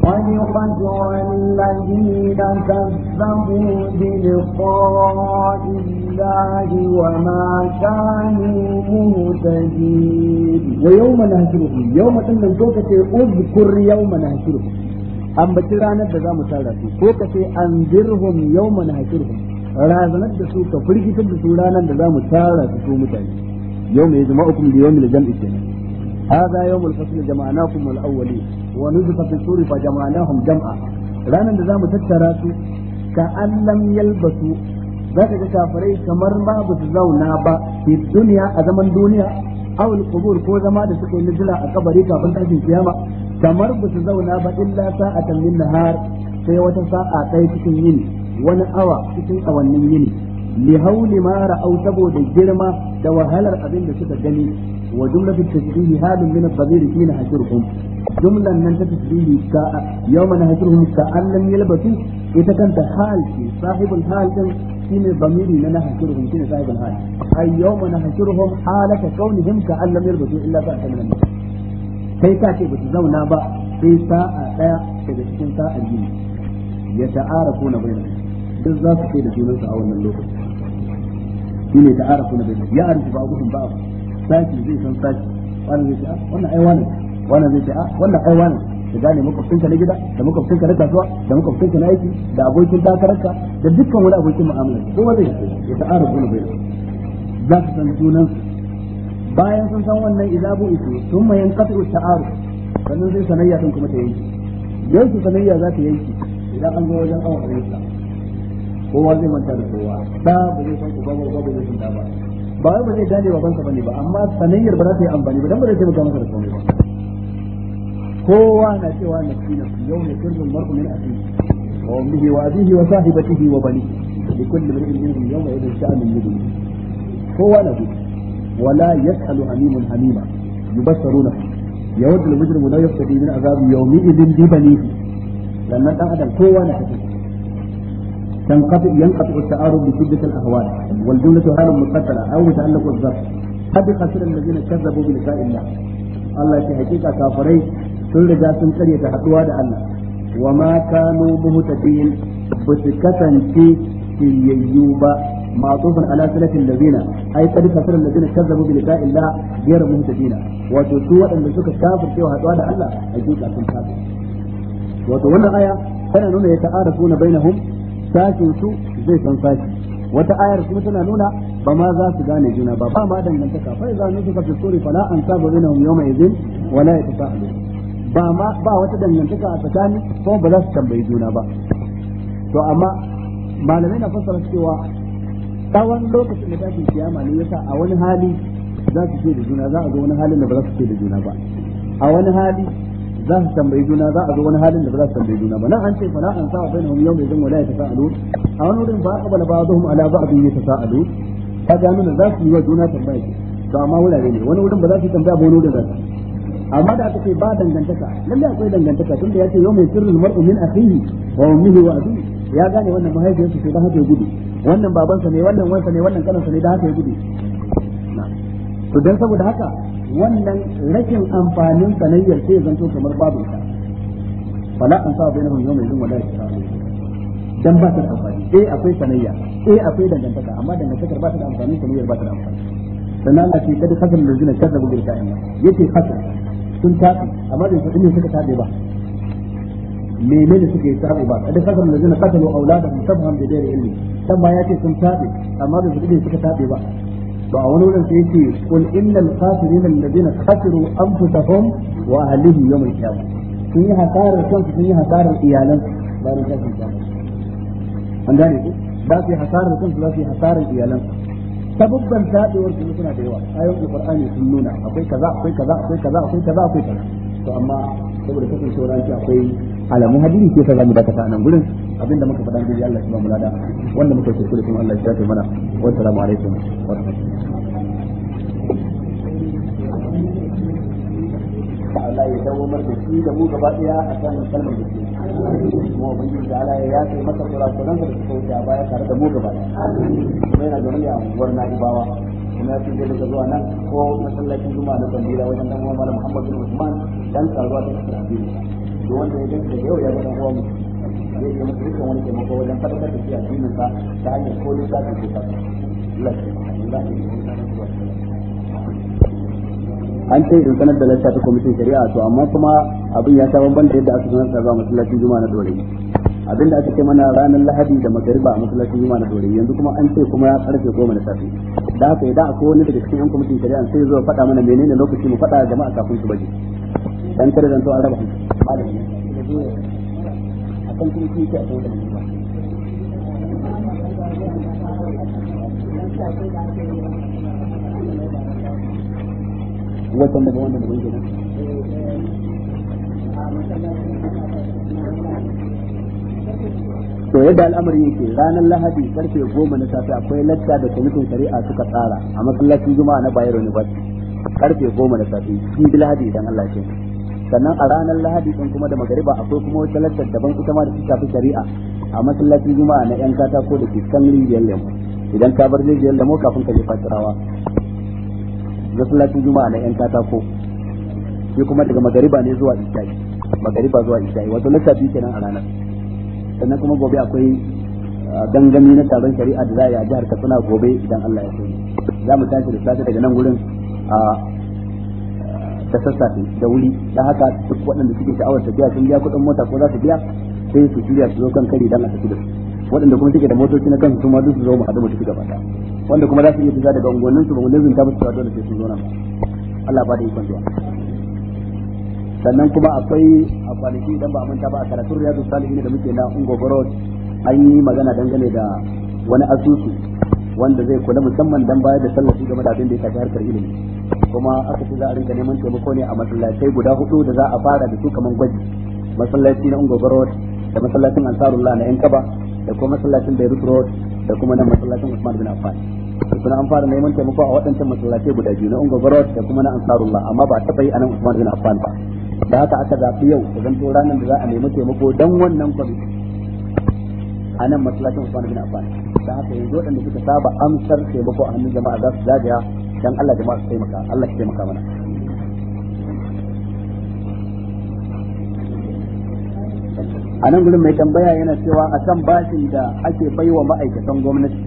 قد خسر الذين كذبوا بلقاء الله وما كانوا مهتدين ويوم نهشرهم يوم تنن توكة اذكر يوم نهشرهم an baci ranar da za mu tara su ko ka yau mana razanar da su ka firgitar da su ranar da za mu tara su su mutane yau mai jama'ukum da yau mai jam'i kenan هذا يوم الفصل جمعناكم الأولين ونزف في السور فجمعناهم جمعا ranar da za mu tattara su ka allam yalbasu za ka ga kafirai kamar ba su zauna ba fi duniya a duniya awul kubur ko zama da suka yi nizila a kabari kafin tashin kiyama kamar ba su zauna ba illa sa'atan min nahar sai wata sa'a ɗaya cikin yin wani awa cikin awannin yini li hauli ma ra'au saboda girma da wahalar abin da suka gani wa jumlatu tasbihi halun min al-khabir hina hashruhum jumlan nan ta tasbihi ka yawma nahshruhum ka allam yalbasu ita kanta hal ce sahibul hal din shine bamiri na nahshruhum shine sahibul hal ay yawma nahshruhum halaka kaunihim ka allam yalbasu illa sa'atan min kai ka ce basu zauna ba sai sa'a daya daga cikin sa'ar yini ya ta'arafu na bainahum duk za su kai da a wannan lokaci ya Saki zai san saki wannan zai ce a ah, wannan ai wannan wannan zai ce a ah, wannan ai wannan ka gane makwabcinka na gida da makwabcinka na kasuwa da makwabcinka na aiki da abokin takararka da dukkan wani abokin mu'amala kowa zai ya ta'ara gona bai za su san sunan bayan sun san wannan izabu isu sun mayan kasu ta'aru sannan zai sanayya sun kuma ta yanki yanki sanayya za ta yanki idan an zo wajen awon rinsa kowa zai manta da kowa da ba zai san uba ba ba zai san da ba ba wai ba zai gane babansa bane ba amma sanayyar ba za ta yi amfani ba dan ba zai taimaka masa da komai ba kowa na cewa na fi na yau ne sirrin mar'u min akhi wa ummihi wa abihi wa sahibatihi wa bani li kulli mar'in minhum yawma idhin sha'anun yudni kowa na gudu wala yas'alu hamimun hamima yubassaruna yawaddu al-mujrimu la yaftadi min azabi yawmi idhin bi banihi lannan dan adam kowa na tafi تنقطع ينقطع التعارض بشدة الأهوال والجملة حال متصلة أو متعلق الظرف قد خسر الذين كذبوا بلقاء الله الله في حقيقة كافرين sun riga sun karyata haɗuwa da Allah wa ma kanu muhtadin ba su kasance shiryayyu ba ma'tufan ala salatin ladina ai qad kafara ladina kazzabu bi liqa'i Allah ghayra muhtadin wato su waɗanda suka kafirce wa haɗuwa da Allah hakika wato aya tana nuna ya Sakin su zai san saki wata ayar kuma tana nuna ba ma za su gane juna ba ba ma dangantaka fa idza nusika fi suri fala an sabu bainahum yawma idhin wala yatasaalu ba ma ba wata dangantaka a tsakani ko ba za su tambayi juna ba to amma malamai na fassara cewa tsawon lokacin da tashin kiyama ne yasa a wani hali za su ce da juna za a zo wani halin da ba za su ce da juna ba a wani hali za su tambayi juna za a zo wani halin da ba za su tambayi juna ba nan an ce fa la an na bainahum yawma zan wala ya yatasaalu a wani wurin ba a qabala ba'dhum ala ba'dhin yatasaalu ka ga nuna za su yi wa juna tambaya to amma wurare ne wani wurin ba za su tambaya ba wani wurin za su amma da aka ce ba dangantaka lalle akwai dangantaka tunda ya ce yawma sirrul mar'u min akhihi wa ummihi wa abihi ya gane wannan mahaifiyarsa ce da haka ya gudu wannan babansa ne wannan wansa ne wannan kanansa ne da haka ya gudu to dan saboda haka wannan rashin amfanin sanayyar sai zanto kamar babu ita fala an sa bai mun yau zuma da dan ba ta amfani eh akwai sanayya eh akwai dangantaka amma dangantakar ba ta da amfani sanayyar ba ta da amfani sannan Allah ce kada kasan da zina kada bugir ka ina Yake haka sun tafi amma da su ne suka tabe ba menene suka yi tabe ba kada kasan da zina da wa auladahum tabham bi ghairi ilmi dan ba yace sun tabe amma da su ne suka tabe ba ba wani wurin sai yace qul innal khasirin alladhina khasiru anfusahum wa ahlihim yawm al-qiyamah sun yi hasarar kansu sun yi hasarar iyalan ba ne kafin ta an gane ku ba su yi hasarar kansu za su yi hasarar iyalan sabubban sadewar su suna da yawa ayoyin qur'ani sun nuna akwai kaza akwai kaza akwai kaza akwai kaza akwai kaza to amma saboda kasancewar an ce akwai alamun hadisi ke sa zamu dakata nan gurin abinda muka faɗa dai Allah ya ba mu lada wanda muka ce kullum kuma Allah ya shafe mana wa salamu alaikum wa Allah ya dawo mar da shi da mu gaba daya a kan kalmar da ke kuma ubangiji da Allah ya yafe masa kurakuran da suka wuce a baya tare da mu gaba kuma yana da riya unguwar Na'ibawa kuma ya fi fice daga zuwa nan ko masallacin juma'a na Bandira wajen dan uwa Malam Muhammad Usman dan karuwa da suka addini to wanda ya da yau ya ga dan uwa mu kuma dukkan wani wajen da sa ta hanyar ko ko an ce in sanar da lacca ta kwamitin shari'a to amma kuma abin ya sha bambanta yadda aka sanar da ba masallacin juma'a na dore abinda aka ce mana ranar lahadi da magariba a masallacin juma'a na dore yanzu kuma an ce kuma ya karfe goma na safe da haka idan akwai wani daga cikin yan kwamitin shari'a sai zuwa faɗa mana menene lokaci mu faɗa jama'a kafin su baje dan kare zanto an raba kan kuma yadda al'amari yake ranar lahadi karfe goma na safe akwai latta da kwamitin shari'a suka tsara a masallacin juma'a na bayero ba karfe goma na safe shi lahadi idan allah sannan a ranar lahadi din kuma da magariba akwai kuma wata lantar daban ita ma da ta shafi shari'a a masallacin juma'a na yan katako da ke kan rijiyar lemo idan ka bar rijiyar lemo kafin ka je fatirawa masallacin juma'a na yan katako sai kuma daga magariba ne zuwa isha'i magariba zuwa isha'i wato lissafi kenan a ranar sannan kuma gobe akwai ah, gangami na taron shari'a da za a yi a jihar katsina gobe idan allah ya so za mu tashi da safe daga nan gurin a ah, da sassafe da wuri da haka duk waɗanda suke sha'awar tafiya sun biya kuɗin mota ko za su biya sai su shirya su zo kan kare dan a tafi da su waɗanda kuma suke da motoci na kan su ma duk su zo mu haɗu mu tafi gaba ɗaya wanda kuma za su iya tafiya daga unguwannin su ba mu lazimta musu cewa dole sai sun zo nan Allah ba da ikon zuwa sannan kuma akwai a kwanaki idan ba a manta ba a karatun riyadu salihin da muke na ungogoro an yi magana dangane da wani asusu wanda zai kula musamman dan bayar da tallafi game da abin da ya shafi harkar ilimi kuma aka ce za a rinka neman taimako ne a masallatai guda hudu da za a fara da su kamar gwaji masallaci na ungogo road da masallacin ansarullah na yan kaba da kuma masallacin beirut road da kuma na masallacin usman bin affan kuma an fara neman taimako a waɗancan masallatai guda biyu na ungogo road da kuma na ansarullah amma ba a taɓa yi a nan usman bin affan ba da haka aka zaɓi yau da zanto ranar da za a nemi taimako don wannan kwamiti a nan masallacin usman bin affan da haka yanzu waɗanda suka saba amsar taimako a hannun jama'a za su zagaya dan Allah jama'a su taimaka Allah shi taimaka mana a nan gurin mai tambaya yana cewa a san bashin da ake baiwa ma'aikatan gwamnati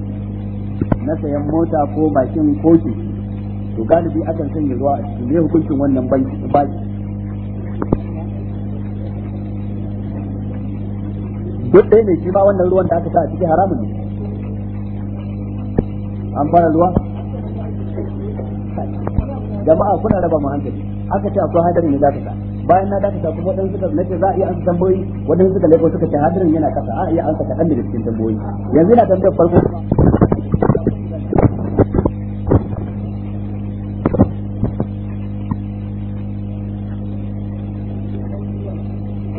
na sayan mota ko bakin koki to galibi akan sanya zuwa a cikin hukuncin wannan bashi duk ɗaya ne shi ba wannan ruwan da aka sa a ciki haramun ne an fara ruwa hankali jama'a kuna raba mu hankali aka ce akwai hadarin ne za ka sa bayan na dakata kuma wadansu suka nace za a iya ansa tambayoyi wadansu suka leko suka ce hadarin yana kasa a iya ansa kaɗan daga cikin tambayoyi yanzu ina tambayar farko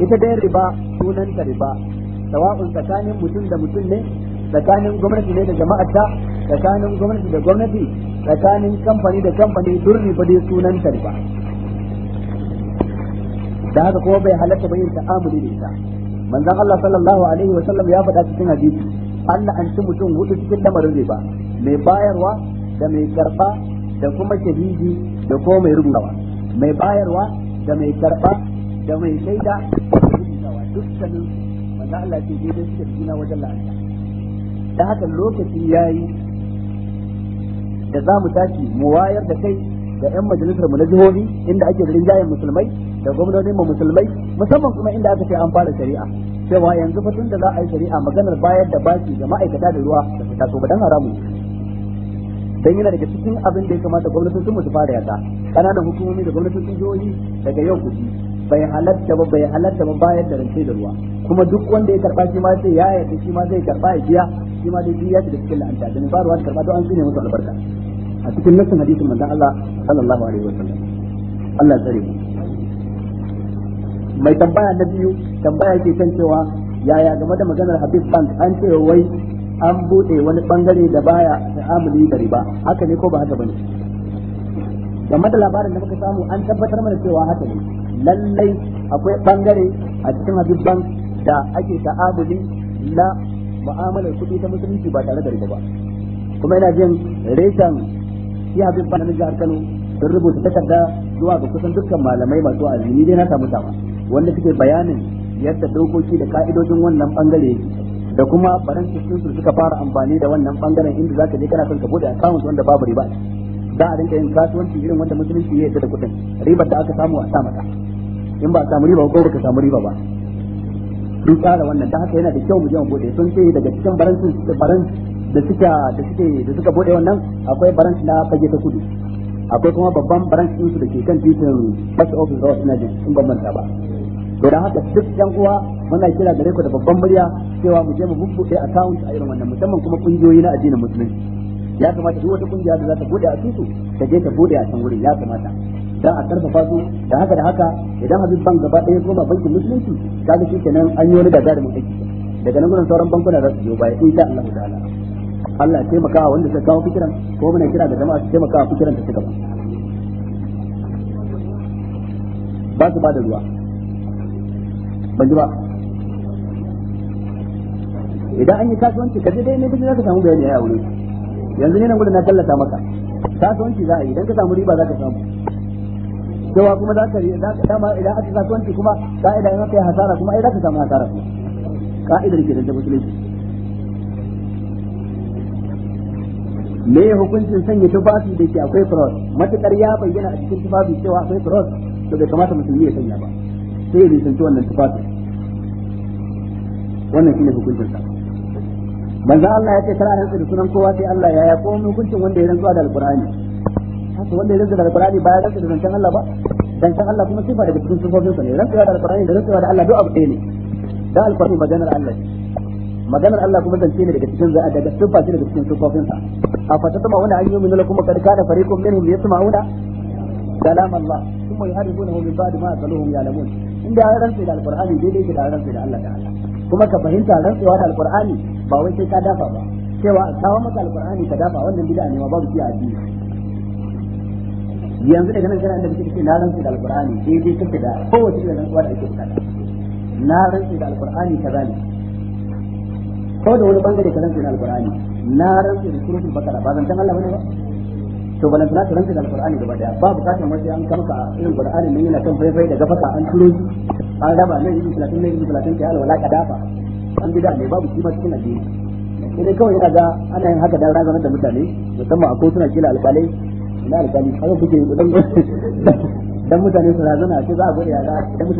ita dai riba sunanta riba sawa'un tsakanin mutum da mutum ne tsakanin gwamnati ne da jama'a ta tsakanin gwamnati da gwamnati tsakanin kamfani da kamfani durri ba dai sunan ta ba. da haka kuma bai halatta bayin yin ta'amuli da ita manzon Allah sallallahu alaihi wa sallam ya faɗa cikin hadisi Allah an ci mutum hudu cikin lamarin riba mai bayarwa da mai karba da kuma shahidi da kuma mai rubutawa mai bayarwa da mai karba da mai shaida da rubutawa dukkanin manzon Allah ce daidai suke juna wajen la'anta da haka lokaci yi da za mu tashi mu wayar da kai ga 'yan majalisar mu na jihohi inda ake da rinjayen musulmai da gwamnonin mu musulmai musamman kuma inda aka ce an fara shari'a cewa yanzu fa tun da za a yi shari'a maganar bayar da baki ga ma'aikata da ruwa da su taso ba dan haramu dan yana daga cikin abin da ya kamata gwamnatin sun mu su fara yasa kananan hukumomi da gwamnatin jihohi daga yau kuɗi bai halatta ba bai halatta ba bayan da rance da ruwa kuma duk wanda ya karba shi ma sai ya yi shi ma zai karba ya biya shi ma dai ya da cikin la'anta da ba ruwa karba don an ne musu albarka a cikin nassin hadisin manzon Allah sallallahu alaihi wasallam Allah tsare mu mai tambaya na biyu tambaya ke kan cewa yaya game da maganar Habib Bank an ce wai an bude wani bangare da baya ta'amuli da riba haka ne ko ba haka bane game da labarin da muka samu an tabbatar mana cewa haka ne lallai akwai bangare a cikin bank da ake ta'abuli na mu'amalar kuɗi ta musulunci ba tare da riba ba kuma ina jin reshen shi hadisban na jihar Kano sun rubuta takarda zuwa ga kusan dukkan malamai masu azumi dai na samu sama wanda suke bayanin yadda dokoki da ka'idojin wannan bangare da kuma barin sun su suka fara amfani da wannan bangaren inda zaka je kana son ka bude account wanda babu riba za a rinka yin kasuwanci irin wanda musulunci ya yarda da kuɗin ribar da aka samu a sa in ba a samu riba ko baka samu riba ba sun tsara wannan da haka yana da kyau mu je mu bude sun ce daga cikin da baran da suka da suke da suka bude wannan akwai baran na fage ta kudu akwai kuma babban baran din su da ke kan titin bus office road na jin sun bambanta ba to dan haka duk yan uwa muna kira gare ku da babban murya cewa mu je mu bude account a irin wannan musamman kuma kungiyoyi na addinin musulunci ya kamata duk wata kungiya da za ta bude a titu ta je ta bude a can wurin ya kamata dan a karfafa su da haka da haka idan Habib Bank gaba ɗaya ko ba bankin musulunci kaga shikenan an yi wani gagarumin aiki daga nan gudun sauran bankuna za su biyo baya sha Allah ta'ala Allah ya taimaka wanda suka kawo fikiran ko muna kira da jama'a su taimaka fikiran ta cika ba ba su ba da ruwa ban ji ba idan an yi kasuwanci ka je dai ne kuje za ka samu bayani a aure yanzu ne nan gudun na tallata maka kasuwanci za a yi idan ka samu riba za ka samu cewa kuma za ka za ka dama idan aka kasuwanci kuma ka'ida in aka yi hasara kuma ai za ka samu hasara ka'idar ke da musulunci me ya hukuncin sanya tufafi da ke akwai fraud matukar ya bayyana a cikin tufafi cewa akwai fraud to bai kamata musulmi ya sanya ba sai ya nisanci wannan tufafi wannan shine hukuncin sa manzo Allah ya ce kar a da sunan kowa sai Allah ya ya ko hukuncin wanda ya rantsuwa da alqur'ani haka wanda ya rantsa da alkurani ba ya rantsa da zancen Allah ba zancen Allah kuma sifa daga cikin sufofin sa ne rantsa da alkurani da rantsa da Allah duk abu ɗaya ne da alkurani maganar Allah maganar Allah kuma zance ne daga cikin za'a daga sifa ce daga cikin sufofin sa a fata tuma wani an yi min lakum kad kana fariqum minhum yasma'una kalam Allah kuma yuharribunahu min ba'di ma qaluhum ya'lamun inda ya rantsa da alkurani dai dai da rantsa da Allah Allah kuma ka fahimta rantsuwa da alkurani ba wai sai ka dafa ba cewa kawo maka alkurani ka dafa wannan bid'a ne ma babu shi a addini yanzu daga nan kana da kike ce na rantsi da alqur'ani sai dai kake da kowace da rantsuwa da kake bukata na rantsi da alqur'ani kaza ne ko da wani bangare ka rantsi da alqur'ani na rantsi da suratul bakara ba zan san Allah bane ba to balan tana ran rantsi da alqur'ani gaba daya ba bukatar wani an kanka irin qur'ani nan yana kan faifai da gafaka an turo shi an raba nan yi 30 nan yi 30 kai alwala kadafa an bida ne babu kima cikin addini sai dai kawai yana ga ana yin haka dan ragamar da mutane musamman a kotuna kila alƙalai alƙali haka kuke yi dan dan mutane su razana sai za a gode ya ga dan da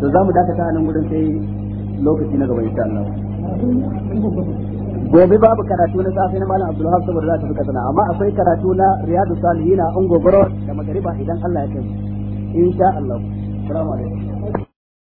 ce da to dakata nan gurin sai lokaci na gaba insha Allah gobe babu karatu na safe na malam Abdulhab saboda za ta fi kasana amma akwai karatu na Riyadu Salihin a Ungogoro da Magariba idan Allah ya kai insha Allah assalamu alaikum